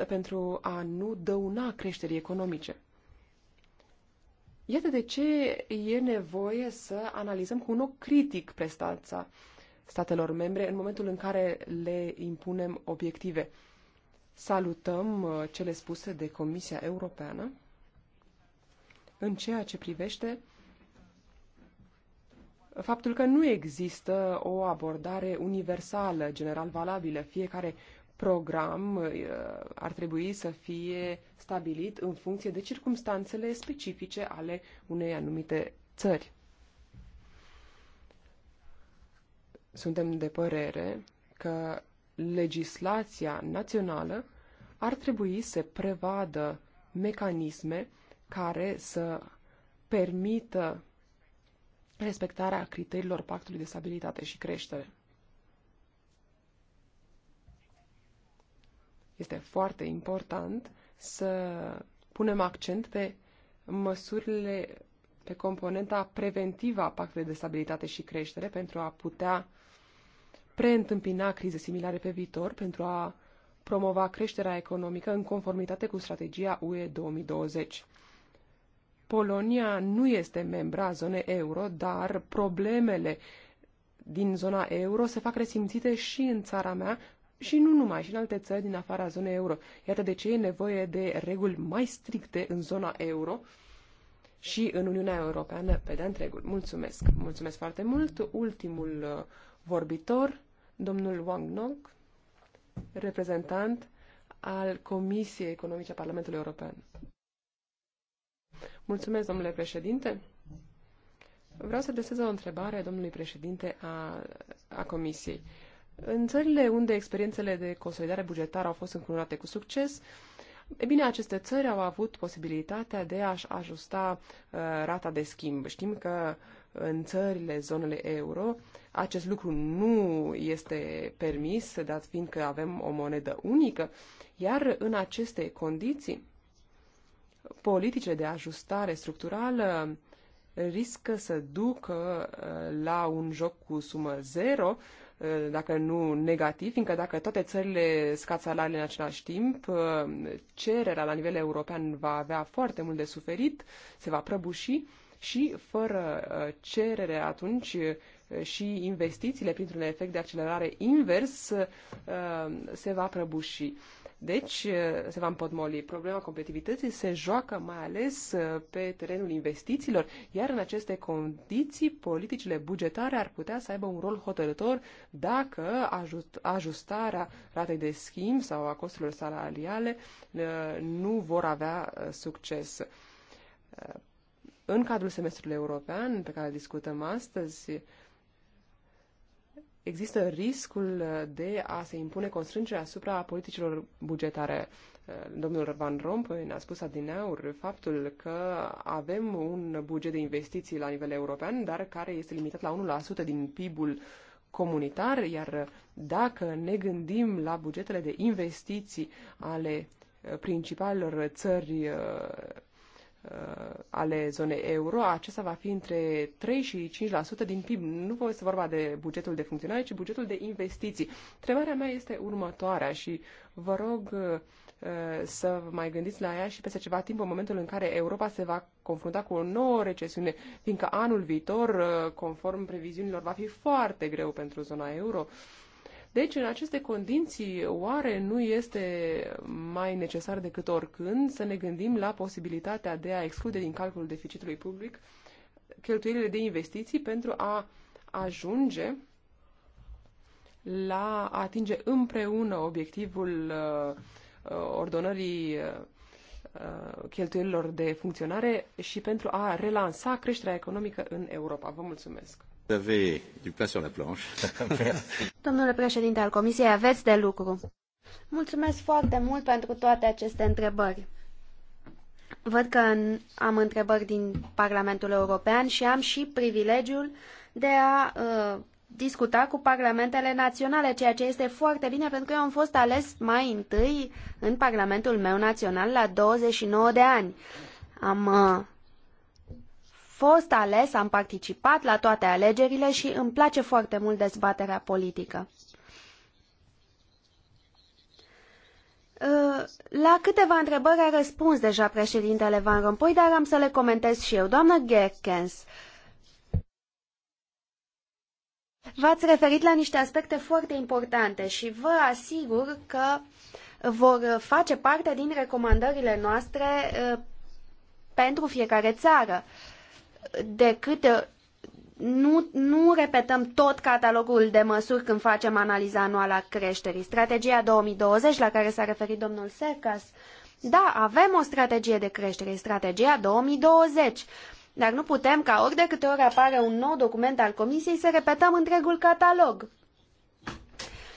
S1: pentru a nu dăuna creșterii economice. Iată de ce e nevoie să analizăm cu un ochi critic prestanța statelor membre în momentul în care le impunem obiective. Salutăm uh, cele spuse de Comisia Europeană în ceea ce privește faptul că nu există o abordare universală, general valabilă. Fiecare program uh, ar trebui să fie stabilit în funcție de circumstanțele specifice ale unei anumite țări. Suntem de părere că legislația națională ar trebui să prevadă mecanisme care să permită respectarea criteriilor Pactului de Stabilitate și Creștere. Este foarte important să punem accent pe măsurile, pe componenta preventivă a pactului de stabilitate și creștere pentru a putea preîntâmpina crize similare pe viitor, pentru a promova creșterea economică în conformitate cu strategia UE 2020. Polonia nu este membra a zonei euro, dar problemele din zona euro se fac resimțite și în țara mea, și nu numai, și în alte țări din afara zonei euro. Iată de ce e nevoie de reguli mai stricte în zona euro și în Uniunea Europeană pe de întregul. Mulțumesc! Mulțumesc foarte mult! Ultimul uh, vorbitor, domnul Wang Nong, reprezentant al Comisiei Economice a Parlamentului European. Mulțumesc, domnule președinte! Vreau să adresez o întrebare domnului președinte a, a Comisiei. Uh, în țările unde experiențele de consolidare bugetară au fost încununate cu succes, E bine, aceste țări au avut posibilitatea de a-și ajusta uh, rata de schimb. Știm că în țările, zonele euro, acest lucru nu este permis, dat fiind că avem o monedă unică, iar în aceste condiții, politicile de ajustare structurală riscă să ducă uh, la un joc cu sumă zero Eh, dacă nu negativ, fiindcă dacă toate țările scad salariile în același timp, eh, cererea la nivel european va avea foarte mult de suferit, se va prăbuși și fără eh, cerere atunci și investițiile printr-un efect de accelerare invers se va prăbuși. Deci, uh, se va împotmoli. Problema competitivității se joacă mai ales uh, pe terenul investițiilor, iar în aceste condiții, politicile bugetare ar putea să aibă un rol hotărător dacă ajut, ajustarea ratei de schimb sau a costurilor salariale uh, nu vor avea succes. În cadrul semestrului european pe care discutăm astăzi, există riscul uh, de a se impune constrângere asupra politicilor bugetare. Uh, domnul Van Rompuy ne-a spus adineauri faptul că avem un buget de investiții la nivel european, dar care este limitat la 1% din PIB-ul comunitar, iar dacă ne gândim la bugetele de investiții ale uh, principalelor țări Uh, ale zonei euro, acesta va fi între 3 și 5% din PIB. Nu este vorba de bugetul de funcționare, ci bugetul de investiții. Întrebarea mea este următoarea și vă rog uh, să vă mai gândiți la ea și peste ceva timp, în momentul în care Europa se va confrunta cu o nouă recesiune, fiindcă anul viitor, uh, conform previziunilor, va fi foarte greu pentru zona euro. Uh, deci, în aceste condiții, oare nu este mai necesar decât oricând să ne gândim la posibilitatea de a exclude din calculul deficitului public cheltuielile de investiții pentru a ajunge la a atinge împreună obiectivul uh, uh ordonării uh, uh, cheltuielilor de funcționare și pentru a relansa creșterea economică în Europa. Vă mulțumesc! Domnule
S2: președinte al Comisiei, aveți de lucru. Mulțumesc foarte mult pentru toate aceste întrebări. Văd că am întrebări din Parlamentul European și am și privilegiul de a uh, discuta cu parlamentele naționale, ceea ce este foarte bine pentru că eu am fost ales mai întâi în Parlamentul meu național la 29 de ani. Am uh, fost ales, am participat la toate alegerile și îmi place foarte mult dezbaterea politică. Uh, la câteva întrebări a răspuns deja președintele Van Rompuy, dar am să le comentez și eu. Doamnă Gerkens, v-ați referit la niște aspecte foarte importante și vă asigur că vor face parte din recomandările noastre uh, pentru fiecare țară. Uh, câte uh, nu, nu repetăm tot catalogul de măsuri când facem analiza anuală a creșterii. Strategia 2020, la care s-a referit domnul Sercas, da, avem o strategie de creștere, strategia 2020, dar nu putem ca ori de câte ori apare un nou document al Comisiei să repetăm întregul catalog.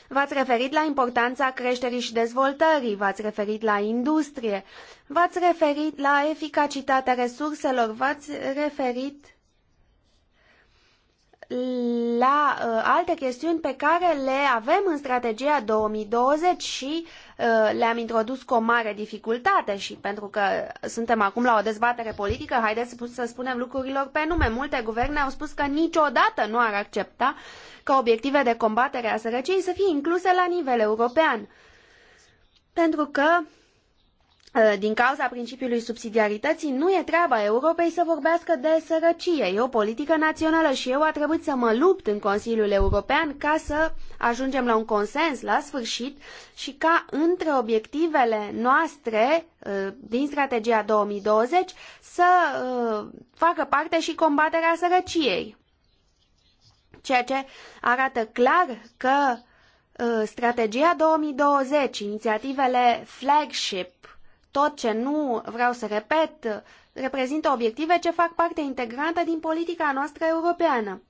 S2: V-ați referit la importanța creșterii și dezvoltării, v-ați referit la industrie, V-ați referit la eficacitatea resurselor, v-ați referit la uh, alte chestiuni pe care le avem în strategia 2020 și uh, le-am introdus cu o mare dificultate și pentru că suntem acum la o dezbatere politică, haideți să spunem lucrurilor pe nume. Multe guverne au spus că niciodată nu ar accepta ca obiective de combatere a sărăciei să fie incluse la nivel european. Pentru că Uh, din cauza principiului subsidiarității, nu e treaba Europei să vorbească de sărăcie. E o politică națională și eu a trebuit să mă lupt în Consiliul European ca să ajungem la un consens la sfârșit și ca între obiectivele noastre uh, din strategia 2020 să uh, facă parte și combaterea sărăciei. Ceea ce arată clar că strategia 2020, inițiativele flagship tot ce nu, vreau să repet, reprezintă obiective ce fac parte integrantă din politica noastră europeană.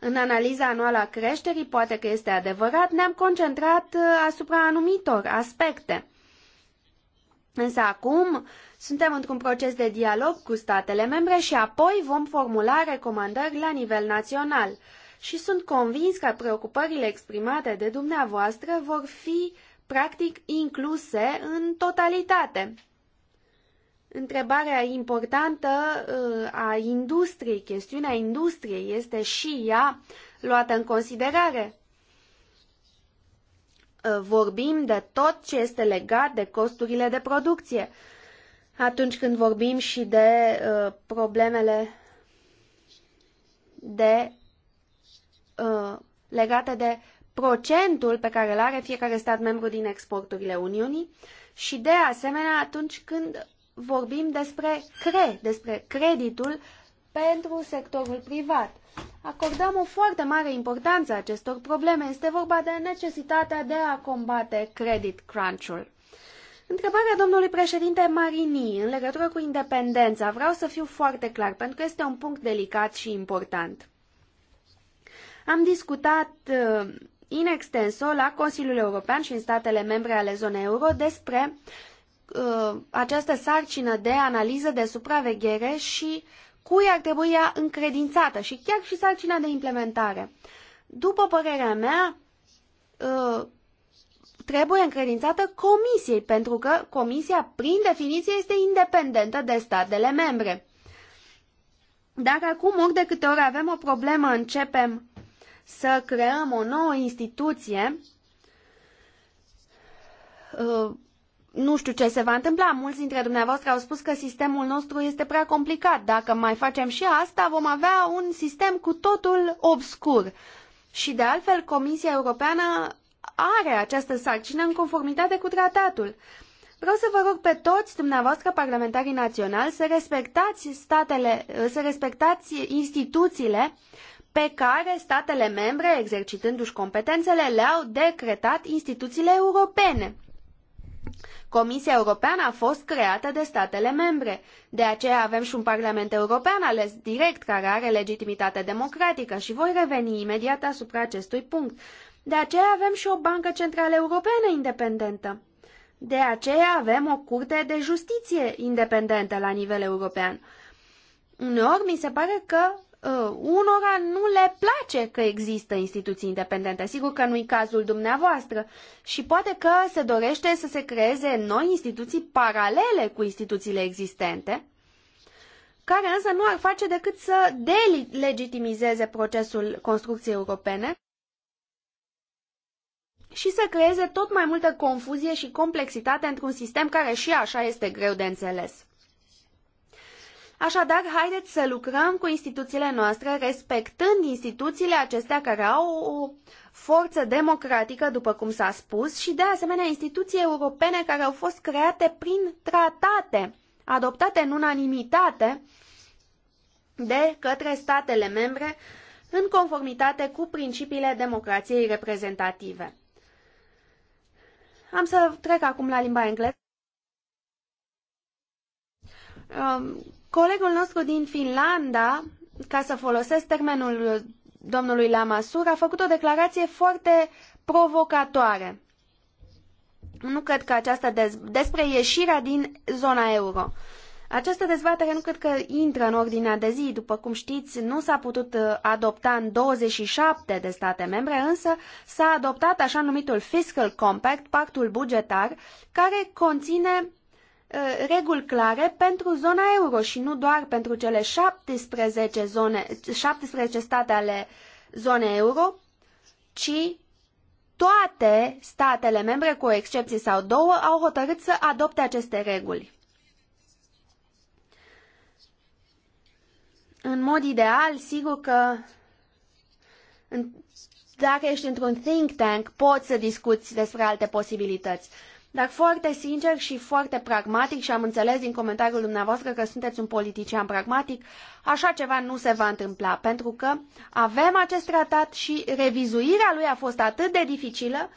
S2: În analiza anuală a creșterii, poate că este adevărat, ne-am concentrat uh, asupra anumitor aspecte. Însă acum suntem într-un proces de dialog cu statele membre și apoi vom formula recomandări la nivel național. Și sunt convins că preocupările exprimate de dumneavoastră vor fi practic incluse în totalitate. Întrebarea importantă uh, a industriei, chestiunea industriei, este și ea luată în considerare. Uh, vorbim de tot ce este legat de costurile de producție. Atunci când vorbim și de uh, problemele de, legate de procentul pe care îl are fiecare stat membru din exporturile Uniunii și, de asemenea, atunci când vorbim despre CRE, despre creditul pentru sectorul privat. Acordăm o foarte mare importanță acestor probleme. Este vorba de necesitatea de a combate credit crunch-ul. Întrebarea domnului președinte Marini în legătură cu independența. Vreau să fiu foarte clar, pentru că este un punct delicat și important. Am discutat uh, in extenso la Consiliul European și în statele membre ale zonei euro despre uh, această sarcină de analiză, de supraveghere și cui ar trebui ea încredințată și chiar și sarcina de implementare. După părerea mea, uh, trebuie încredințată Comisiei, pentru că Comisia, prin definiție, este independentă de statele membre. Dar acum, ori de câte ori avem o problemă, începem să creăm o nouă instituție, uh, nu știu ce se va întâmpla. Mulți dintre dumneavoastră au spus că sistemul nostru este prea complicat. Dacă mai facem și asta, vom avea un sistem cu totul obscur. Și de altfel, Comisia Europeană are această sarcină în conformitate cu tratatul. Vreau să vă rog pe toți dumneavoastră parlamentarii naționali să respectați statele, să respectați instituțiile pe care statele membre, exercitându-și competențele, le-au decretat instituțiile europene. Comisia Europeană a fost creată de statele membre. De aceea avem și un Parlament European ales direct, care are legitimitate democratică și voi reveni imediat asupra acestui punct. De aceea avem și o Bancă Centrală Europeană independentă. De aceea avem o Curte de Justiție independentă la nivel european. Uneori mi se pare că uh, unora nu le place că există instituții independente. Sigur că nu-i cazul dumneavoastră și poate că se dorește să se creeze noi instituții paralele cu instituțiile existente, care însă nu ar face decât să delegitimizeze procesul construcției europene și să creeze tot mai multă confuzie și complexitate într-un sistem care și așa este greu de înțeles. Așadar, haideți să lucrăm cu instituțiile noastre, respectând instituțiile acestea care au o forță democratică, după cum s-a spus, și de asemenea instituții europene care au fost create prin tratate, adoptate în unanimitate de către statele membre, în conformitate cu principiile democrației reprezentative. Am să trec acum la limba engleză. Um, Colegul nostru din Finlanda, ca să folosesc termenul domnului Lamasur, a făcut o declarație foarte provocatoare. Nu cred că această dez... despre ieșirea din zona euro. Această dezbatere nu cred că intră în ordinea de zi. După cum știți, nu s-a putut uh, adopta în 27 de state membre, însă s-a adoptat așa numitul Fiscal Compact, pactul bugetar, care conține Uh, reguli clare pentru zona euro și nu doar pentru cele 17, zone, 17 state ale zonei euro, ci toate statele membre, cu o excepție sau două, au hotărât să adopte aceste reguli. În mod ideal, sigur că dacă ești într-un think tank, poți să discuți despre alte posibilități. Dar foarte sincer și foarte pragmatic, și am înțeles din comentariul dumneavoastră că sunteți un politician pragmatic, așa ceva nu se va întâmpla, pentru că avem acest tratat și revizuirea lui a fost atât de dificilă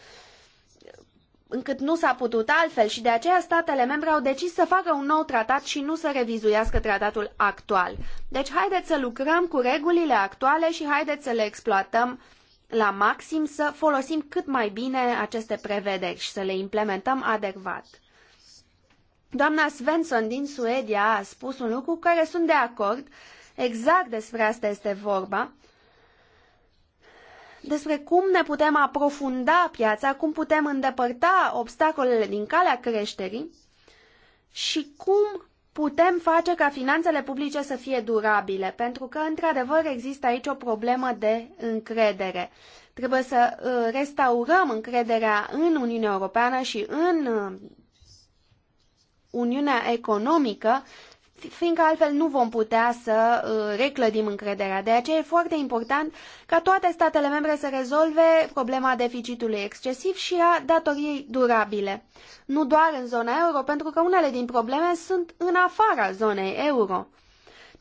S2: încât nu s-a putut altfel și de aceea statele membre au decis să facă un nou tratat și nu să revizuiască tratatul actual. Deci haideți să lucrăm cu regulile actuale și haideți să le exploatăm la maxim să folosim cât mai bine aceste prevederi și să le implementăm adecvat. Doamna Svensson din Suedia a spus un lucru cu care sunt de acord, exact despre asta este vorba, despre cum ne putem aprofunda piața, cum putem îndepărta obstacolele din calea creșterii și cum putem face ca finanțele publice să fie durabile, pentru că, într-adevăr, există aici o problemă de încredere. Trebuie să uh, restaurăm încrederea în Uniunea Europeană și în uh, Uniunea Economică fiindcă altfel nu vom putea să uh, reclădim încrederea. De aceea e foarte important ca toate statele membre să rezolve problema deficitului excesiv și a datoriei durabile. Nu doar în zona euro, pentru că unele din probleme sunt în afara zonei euro.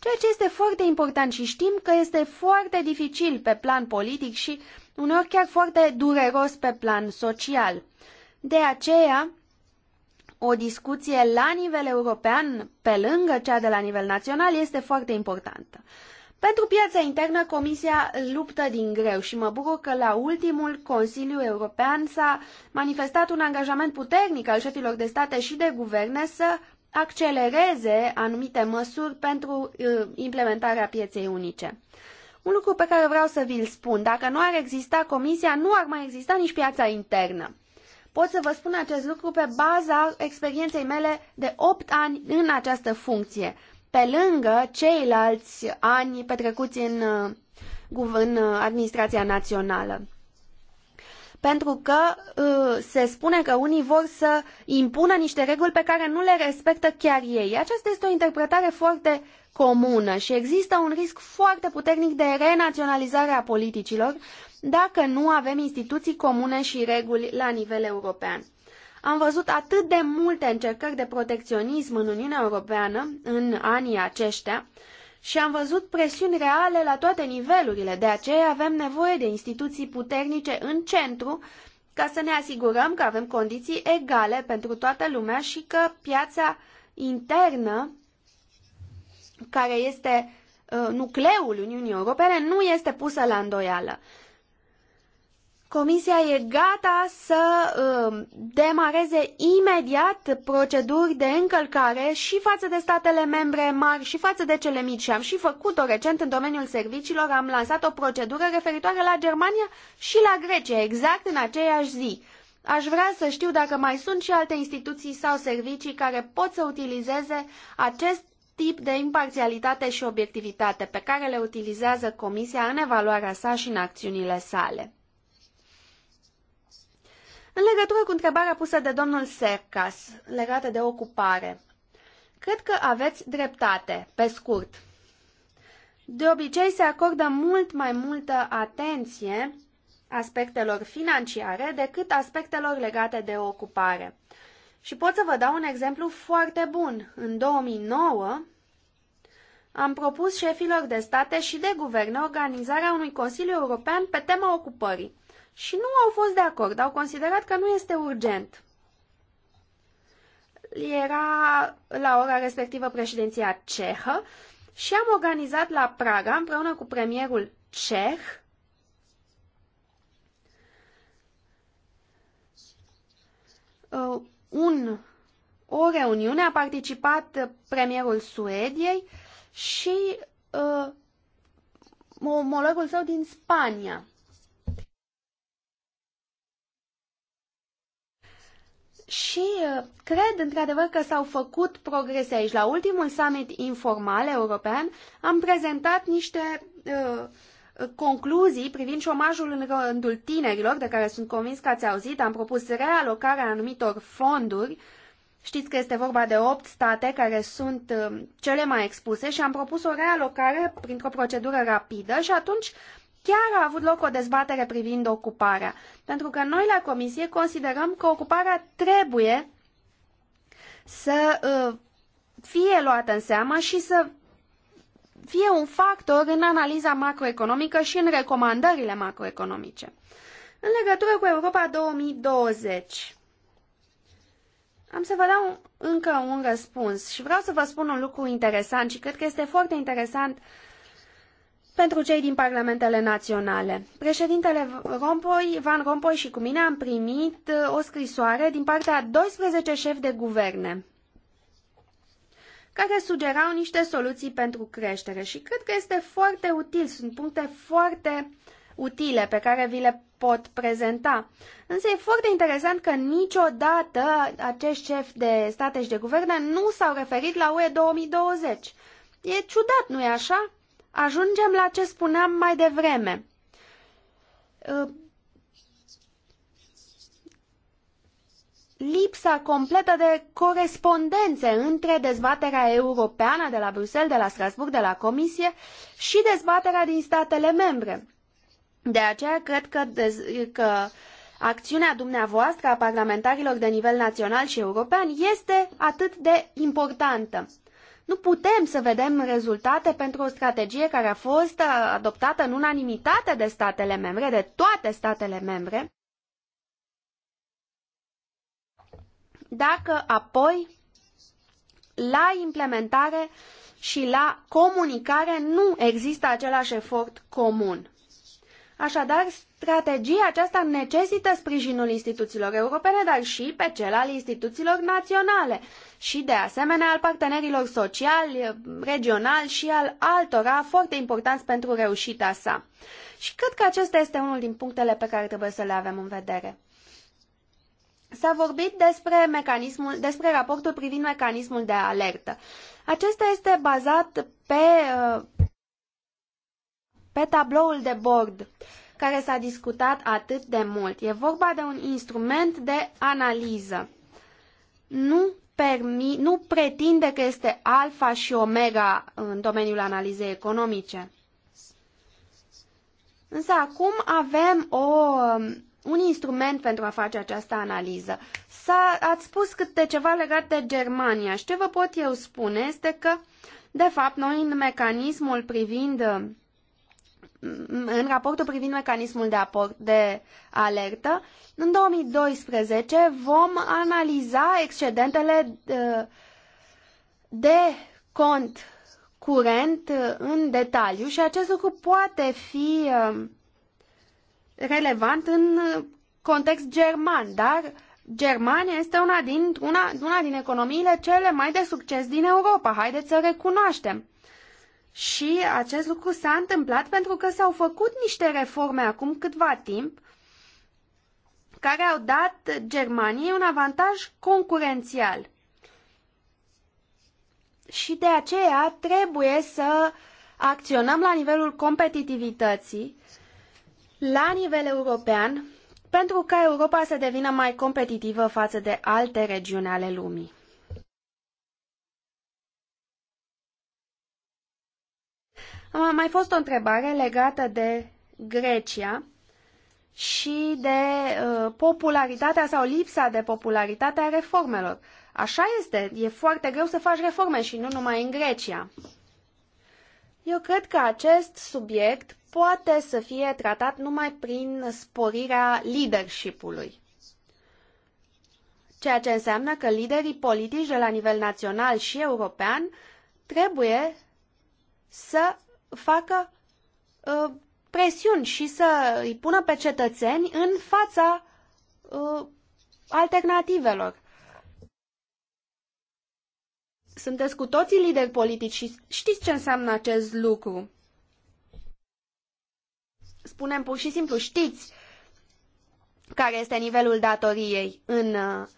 S2: Ceea ce este foarte important și știm că este foarte dificil pe plan politic și uneori chiar foarte dureros pe plan social. De aceea, o discuție la nivel european, pe lângă cea de la nivel național, este foarte importantă. Pentru piața internă, Comisia luptă din greu și mă bucur că la ultimul Consiliu European s-a manifestat un angajament puternic al șefilor de state și de guverne să accelereze anumite măsuri pentru uh, implementarea pieței unice. Un lucru pe care vreau să vi-l spun, dacă nu ar exista Comisia, nu ar mai exista nici piața internă. Pot să vă spun acest lucru pe baza experienței mele de 8 ani în această funcție, pe lângă ceilalți ani petrecuți în, uh, în uh, administrația națională pentru că uh, se spune că unii vor să impună niște reguli pe care nu le respectă chiar ei. Aceasta este o interpretare foarte comună și există un risc foarte puternic de renaționalizare a politicilor dacă nu avem instituții comune și reguli la nivel european. Am văzut atât de multe încercări de protecționism în Uniunea Europeană în anii aceștia și am văzut presiuni reale la toate nivelurile, de aceea avem nevoie de instituții puternice în centru ca să ne asigurăm că avem condiții egale pentru toată lumea și că piața internă, care este uh, nucleul Uniunii Europene, nu este pusă la îndoială. Comisia e gata să um, demareze imediat proceduri de încălcare și față de statele membre mari și față de cele mici. Și am și făcut-o recent în domeniul serviciilor, am lansat o procedură referitoare la Germania și la Grecia, exact în aceeași zi. Aș vrea să știu dacă mai sunt și alte instituții sau servicii care pot să utilizeze acest tip de imparțialitate și obiectivitate pe care le utilizează Comisia în evaluarea sa și în acțiunile sale. În legătură cu întrebarea pusă de domnul Sercas, legată de ocupare, cred că aveți dreptate, pe scurt. De obicei se acordă mult mai multă atenție aspectelor financiare decât aspectelor legate de ocupare. Și pot să vă dau un exemplu foarte bun. În 2009 am propus șefilor de state și de guverne organizarea unui Consiliu European pe tema ocupării și nu au fost de acord, au considerat că nu este urgent. Era la ora respectivă președinția cehă și am organizat la Praga împreună cu premierul ceh un, o reuniune, a participat premierul Suediei și uh, omologul său din Spania. și uh, cred într-adevăr că s-au făcut progrese aici. La ultimul summit informal european am prezentat niște uh, concluzii privind șomajul în rândul tinerilor, de care sunt convins că ați auzit. Am propus realocarea anumitor fonduri. Știți că este vorba de opt state care sunt uh, cele mai expuse și am propus o realocare printr-o procedură rapidă și atunci chiar a avut loc o dezbatere privind ocuparea. Pentru că noi la Comisie considerăm că ocuparea trebuie să uh, fie luată în seamă și să fie un factor în analiza macroeconomică și în recomandările macroeconomice. În legătură cu Europa 2020, am să vă dau încă un răspuns și vreau să vă spun un lucru interesant și cred că este foarte interesant uh, pentru cei din parlamentele naționale. Președintele Rompuy, Van Rompuy și cu mine am primit uh, o scrisoare din partea a 12 șefi de guverne care sugerau niște soluții pentru creștere și cred că este foarte util, sunt puncte foarte utile pe care vi le pot prezenta. Însă e foarte interesant că niciodată acești șefi de state și de guverne nu s-au referit la UE 2020. E ciudat, nu-i așa? Ajungem la ce spuneam mai devreme. Uh, lipsa completă de corespondențe între dezbaterea europeană de la Bruxelles, de la Strasbourg, de la Comisie și dezbaterea din statele membre. De aceea cred că, că acțiunea dumneavoastră a parlamentarilor de nivel național și european este atât de importantă. Nu putem să vedem rezultate pentru o strategie care a fost adoptată în unanimitate de statele membre, de toate statele membre, dacă apoi la implementare și la comunicare nu există același efort comun. Așadar, strategia aceasta necesită sprijinul instituțiilor europene, dar și pe cel al instituțiilor naționale și, de asemenea, al partenerilor sociali, regionali și al altora foarte importanți pentru reușita sa. Și cred că acesta este unul din punctele pe care trebuie să le avem în vedere. S-a vorbit despre, mecanismul, despre raportul privind mecanismul de alertă. Acesta este bazat pe uh, pe tabloul de bord care s-a discutat atât de mult. E vorba de un instrument de analiză. Nu, permi, nu pretinde că este alfa și omega în domeniul analizei economice. Însă acum avem o, un instrument pentru a face această analiză. S-a, ați spus câte ceva legat de Germania și ce vă pot eu spune este că, de fapt, noi în mecanismul privind în raportul privind mecanismul de, aport, de alertă, în 2012 vom analiza excedentele de, uh, de cont curent uh, în detaliu și acest lucru poate fi uh, relevant în context german, dar Germania este una din, una, una din economiile cele mai de succes din Europa, haideți să recunoaștem. Și acest lucru s-a întâmplat pentru că s-au făcut niște reforme acum câtva timp care au dat Germaniei un avantaj concurențial. Și de aceea trebuie să acționăm la nivelul competitivității, la nivel european, pentru ca Europa să devină mai competitivă față de alte regiuni ale lumii. Am mai fost o întrebare legată de Grecia și de uh, popularitatea sau lipsa de popularitate a reformelor. Așa este, e foarte greu să faci reforme și nu numai în Grecia. Eu cred că acest subiect poate să fie tratat numai prin sporirea leadership-ului. Ceea ce înseamnă că liderii politici de la nivel național și european trebuie să facă uh, presiuni și să îi pună pe cetățeni în fața uh, alternativelor. Sunteți cu toții lideri politici și știți ce înseamnă acest lucru. Spunem pur și simplu, știți care este nivelul datoriei în, uh,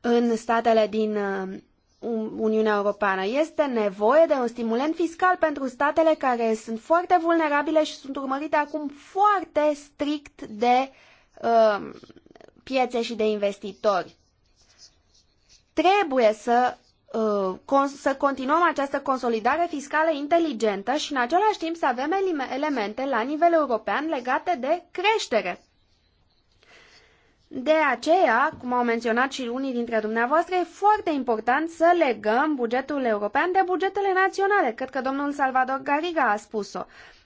S2: în statele din uh, Uniunea Europeană. Este nevoie de un stimulent fiscal pentru statele care sunt foarte vulnerabile și sunt urmărite acum foarte strict de uh, piețe și de investitori. Trebuie să, uh, să continuăm această consolidare fiscală inteligentă și în același timp să avem elemente la nivel european legate de creștere de aceea, cum au menționat și unii dintre dumneavoastră, e foarte important să legăm bugetul european de bugetele naționale. Cred că domnul Salvador Gariga a spus-o.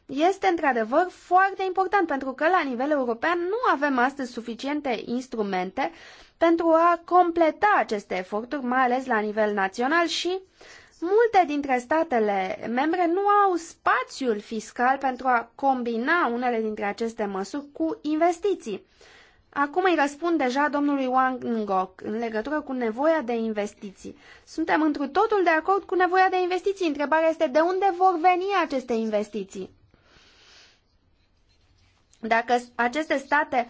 S2: Este într-adevăr foarte important pentru că la nivel european nu avem astăzi suficiente instrumente pentru a completa aceste eforturi, mai ales la nivel național și multe dintre statele membre nu au spațiul fiscal pentru a combina unele dintre aceste măsuri cu investiții. Acum îi răspund deja domnului Wang Ngoc în legătură cu nevoia de investiții. Suntem întru totul de acord cu nevoia de investiții. Întrebarea este de unde vor veni aceste investiții. Dacă aceste state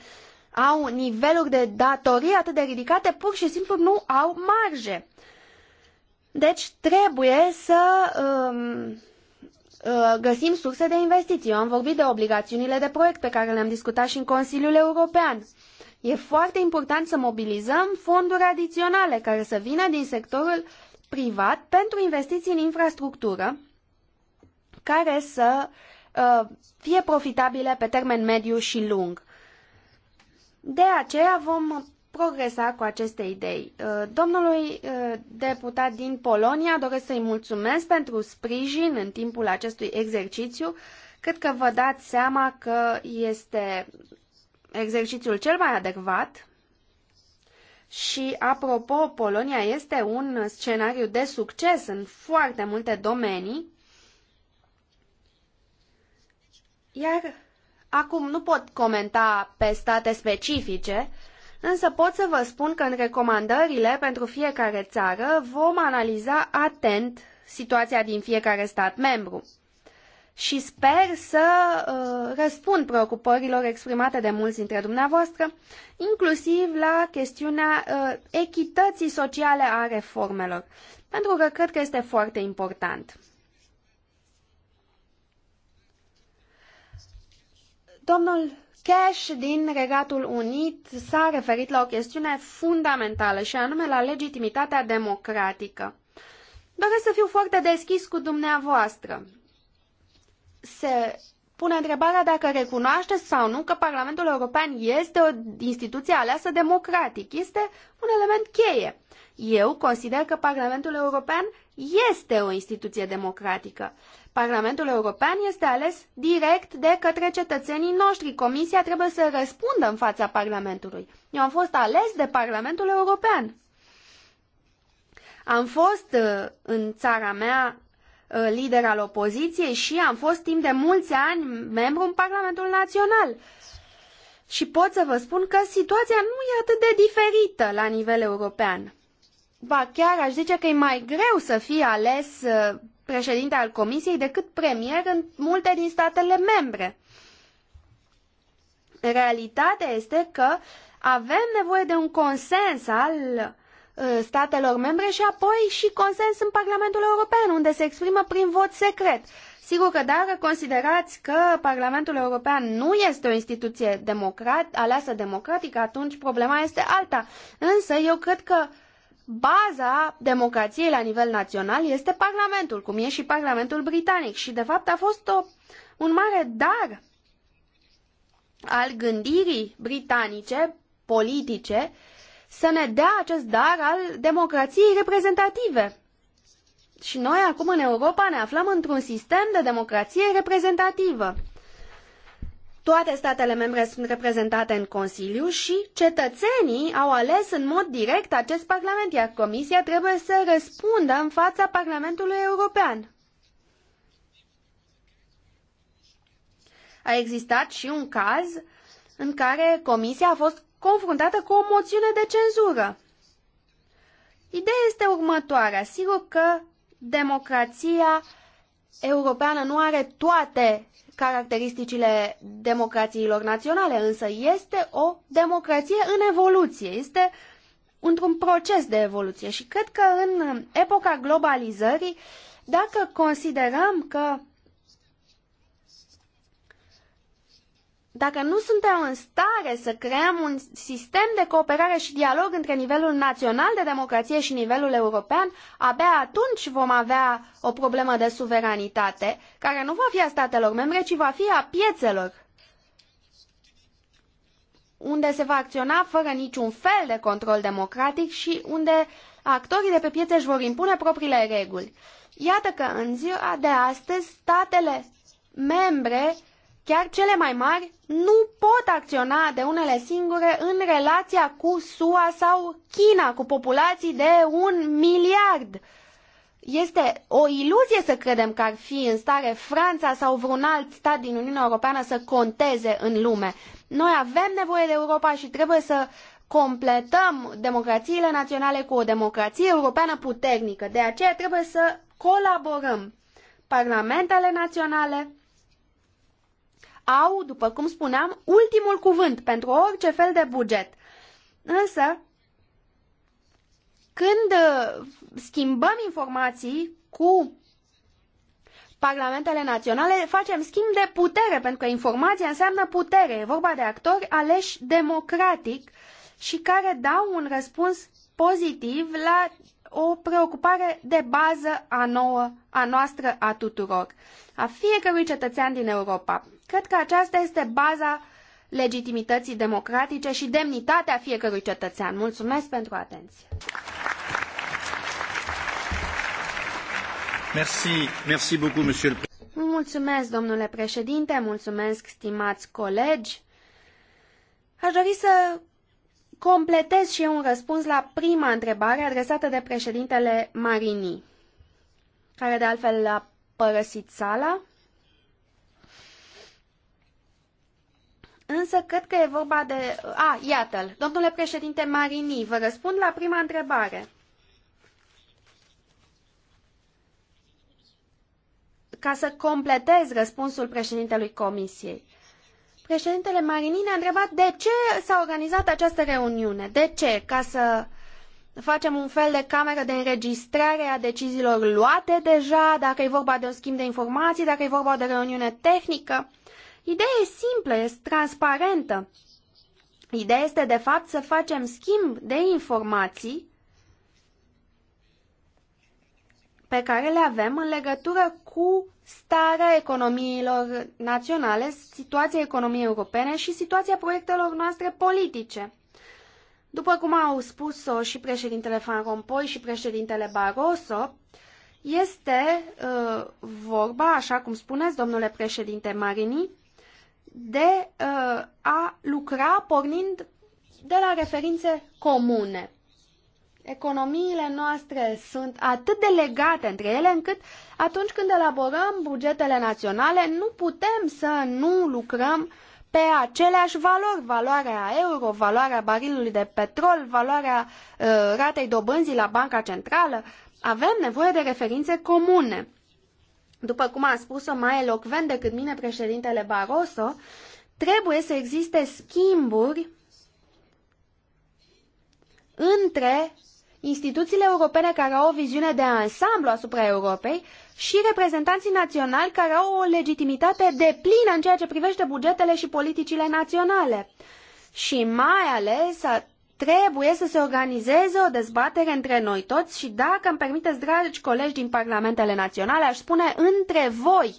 S2: au niveluri de datorie atât de ridicate, pur și simplu nu au marge. Deci trebuie să um, uh, găsim surse de investiții. Eu am vorbit de obligațiunile de proiect pe care le-am discutat și în Consiliul European. E foarte important să mobilizăm fonduri adiționale care să vină din sectorul privat pentru investiții în infrastructură care să uh, fie profitabile pe termen mediu și lung. De aceea vom progresa cu aceste idei. Uh, domnului uh, deputat din Polonia doresc să-i mulțumesc pentru sprijin în timpul acestui exercițiu. Cred că vă dați seama că este exercițiul cel mai adecvat și, apropo, Polonia este un scenariu de succes în foarte multe domenii, iar acum nu pot comenta pe state specifice, însă pot să vă spun că în recomandările pentru fiecare țară vom analiza atent situația din fiecare stat membru și sper să uh, răspund preocupărilor exprimate de mulți dintre dumneavoastră, inclusiv la chestiunea uh, echității sociale a reformelor, pentru că cred că este foarte important. Domnul Cash din Regatul Unit s-a referit la o chestiune fundamentală și anume la legitimitatea democratică. Doresc să fiu foarte deschis cu dumneavoastră se pune întrebarea dacă recunoaște sau nu că Parlamentul European este o instituție aleasă democratic. Este un element cheie. Eu consider că Parlamentul European este o instituție democratică. Parlamentul European este ales direct de către cetățenii noștri. Comisia trebuie să răspundă în fața Parlamentului. Eu am fost ales de Parlamentul European. Am fost uh, în țara mea Uh, lider al opoziției și am fost timp de mulți ani membru în Parlamentul Național. Și pot să vă spun că situația nu e atât de diferită la nivel european. Ba chiar aș zice că e mai greu să fie ales uh, președinte al Comisiei decât premier în multe din statele membre. Realitatea este că avem nevoie de un consens al Uh, statelor membre și apoi și consens în Parlamentul European, unde se exprimă prin vot secret. Sigur că dacă considerați că Parlamentul European nu este o instituție democrat, aleasă democratic, atunci problema este alta. Însă eu cred că baza democrației la nivel național este Parlamentul, cum e și Parlamentul Britanic. Și de fapt a fost o, un mare dar al gândirii britanice politice uh, să ne dea acest dar al democrației reprezentative. Și noi acum în Europa ne aflăm într-un sistem de democrație reprezentativă. Toate statele membre sunt reprezentate în Consiliu și cetățenii au ales în mod direct acest Parlament, iar Comisia trebuie să răspundă în fața Parlamentului European. A existat și un caz în care Comisia a fost confruntată cu o moțiune de cenzură. Ideea este următoarea. Sigur că democrația europeană nu are toate caracteristicile democrațiilor naționale, însă este o democrație în evoluție, este într-un proces de evoluție și cred că în epoca globalizării, dacă considerăm că Dacă nu suntem în stare să creăm un sistem de cooperare și dialog între nivelul național de democrație și nivelul european, abia atunci vom avea o problemă de suveranitate, care nu va fi a statelor membre, ci va fi a piețelor, unde se va acționa fără niciun fel de control democratic și unde actorii de pe piețe își vor impune propriile reguli. Iată că în ziua de astăzi statele membre Chiar cele mai mari nu pot acționa de unele singure în relația cu SUA sau China, cu populații de un miliard. Este o iluzie să credem că ar fi în stare Franța sau vreun alt stat din Uniunea Europeană să conteze în lume. Noi avem nevoie de Europa și trebuie să completăm democrațiile naționale cu o democrație europeană puternică. De aceea trebuie să colaborăm parlamentele naționale, au, după cum spuneam, ultimul cuvânt pentru orice fel de buget. Însă, când uh, schimbăm informații cu parlamentele naționale, facem schimb de putere, pentru că informația înseamnă putere. E vorba de actori aleși democratic și care dau un răspuns pozitiv la o preocupare de bază a, nouă, a noastră, a tuturor, a fiecărui cetățean din Europa. Cred că aceasta este baza legitimității democratice și demnitatea fiecărui cetățean. Mulțumesc pentru atenție. Merci, merci beaucoup, monsieur. Mulțumesc, domnule președinte, mulțumesc, stimați colegi. Aș dori să completez și eu un răspuns la prima întrebare adresată de președintele Marini, care de altfel a părăsit sala. Însă cred că e vorba de... A, iată-l. Domnule președinte Marini, vă răspund la prima întrebare. Ca să completez răspunsul președintelui Comisiei. Președintele Marini ne-a întrebat de ce s-a organizat această reuniune. De ce? Ca să facem un fel de cameră de înregistrare a deciziilor luate deja, dacă e vorba de un schimb de informații, dacă e vorba de reuniune tehnică. Ideea e simplă, e transparentă. Ideea este, de fapt, să facem schimb de informații pe care le avem în legătură cu starea economiilor naționale, situația economiei europene și situația proiectelor noastre politice. După cum au spus-o și președintele Van Rompuy și președintele Barroso, este uh, vorba, așa cum spuneți, domnule președinte Marini, de uh, a lucra pornind de la referințe comune. Economiile noastre sunt atât de legate între ele încât atunci când elaborăm bugetele naționale nu putem să nu lucrăm pe aceleași valori, valoarea euro, valoarea barilului de petrol, valoarea uh, ratei dobânzii la Banca Centrală. Avem nevoie de referințe comune după cum a spus-o mai elocvent decât mine președintele Barroso, trebuie să existe schimburi între instituțiile europene care au o viziune de ansamblu asupra Europei și reprezentanții naționali care au o legitimitate deplină în ceea ce privește bugetele și politicile naționale. Și mai ales Trebuie să se organizeze o dezbatere între noi toți și dacă îmi permiteți, dragi colegi din parlamentele naționale, aș spune între voi,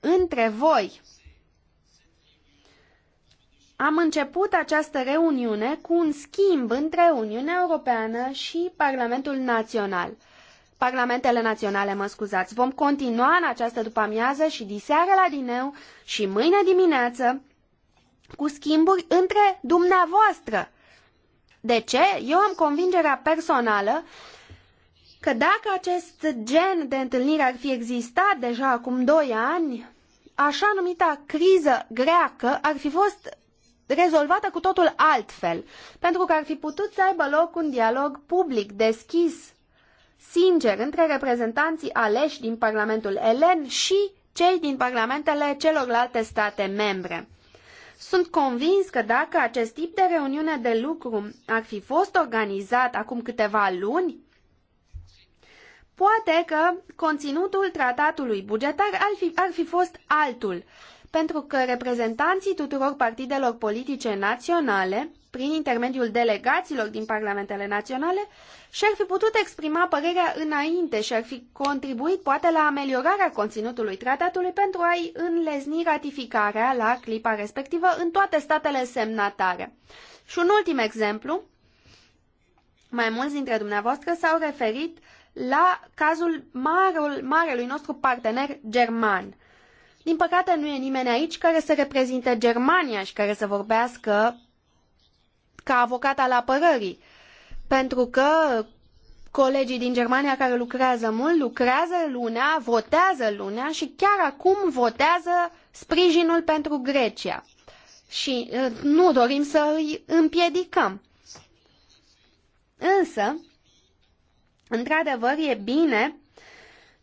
S2: între voi. Am început această reuniune cu un schimb între Uniunea Europeană și Parlamentul Național. Parlamentele naționale, mă scuzați. Vom continua în această după-amiază și diseară la dineu și mâine dimineață cu schimburi între dumneavoastră, de ce? Eu am convingerea personală că dacă acest gen de întâlnire ar fi existat deja acum doi ani, așa numita criză greacă ar fi fost rezolvată cu totul altfel, pentru că ar fi putut să aibă loc un dialog public, deschis, sincer, între reprezentanții aleși din Parlamentul Elen și cei din parlamentele celorlalte state membre. Sunt convins că dacă acest tip de reuniune de lucru ar fi fost organizat acum câteva luni, poate că conținutul tratatului bugetar ar fi, ar fi fost altul, pentru că reprezentanții tuturor partidelor politice naționale prin intermediul delegaților din parlamentele naționale și ar fi putut exprima părerea înainte și ar fi contribuit poate la ameliorarea conținutului tratatului pentru a-i înlezni ratificarea la clipa respectivă în toate statele semnatare. Și un ultim exemplu, mai mulți dintre dumneavoastră s-au referit la cazul marul, marelui nostru partener german. Din păcate nu e nimeni aici care să reprezinte Germania și care să vorbească ca avocat al apărării, pentru că colegii din Germania care lucrează mult, lucrează lunea, votează lunea și chiar acum votează sprijinul pentru Grecia. Și uh, nu dorim să îi împiedicăm. Însă, într-adevăr, e bine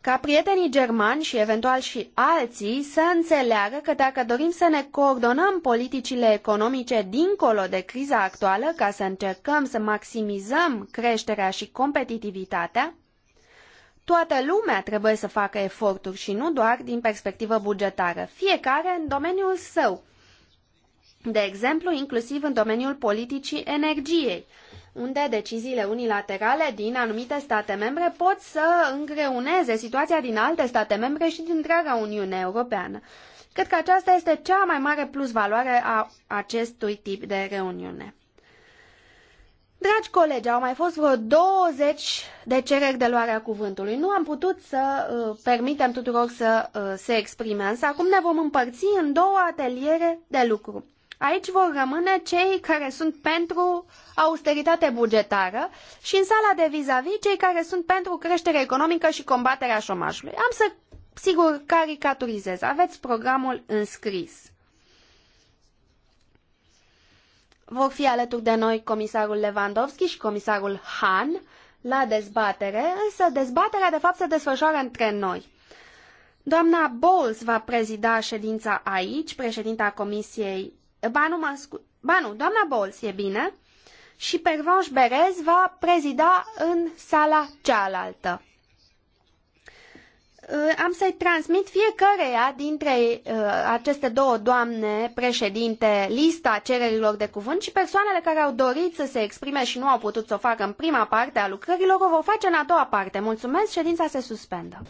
S2: ca prietenii germani și eventual și alții să înțeleagă că dacă dorim să ne coordonăm politicile economice dincolo de criza actuală ca să încercăm să maximizăm creșterea și competitivitatea, toată lumea trebuie să facă eforturi și nu doar din perspectivă bugetară, fiecare în domeniul său. De exemplu, inclusiv în domeniul politicii energiei unde deciziile unilaterale din anumite state membre pot să îngreuneze situația din alte state membre și din întreaga Uniune Europeană. Cred că aceasta este cea mai mare plusvaloare a acestui tip de reuniune. Dragi colegi, au mai fost vreo 20 de cereri de luare a cuvântului. Nu am putut să uh, permitem tuturor să uh, se exprime, însă acum ne vom împărți în două ateliere de lucru. Aici vor rămâne cei care sunt pentru austeritate bugetară și în sala de vis-a-vis cei care sunt pentru creștere economică și combaterea șomajului. Am să, sigur, caricaturizez. Aveți programul înscris. Vor fi alături de noi comisarul Lewandowski și comisarul Han la dezbatere, însă dezbaterea de fapt se desfășoară între noi. Doamna Bowles va prezida ședința aici, președinta Comisiei Ba nu, mă scu- ba nu, doamna Bowles e bine și Pervanș Berez va prezida în sala cealaltă. Ă, am să-i transmit fiecareia dintre ă, aceste două doamne președinte lista cererilor de cuvânt și persoanele care au dorit să se exprime și nu au putut să o facă în prima parte a lucrărilor o vor face în a doua parte. Mulțumesc, ședința se suspendă.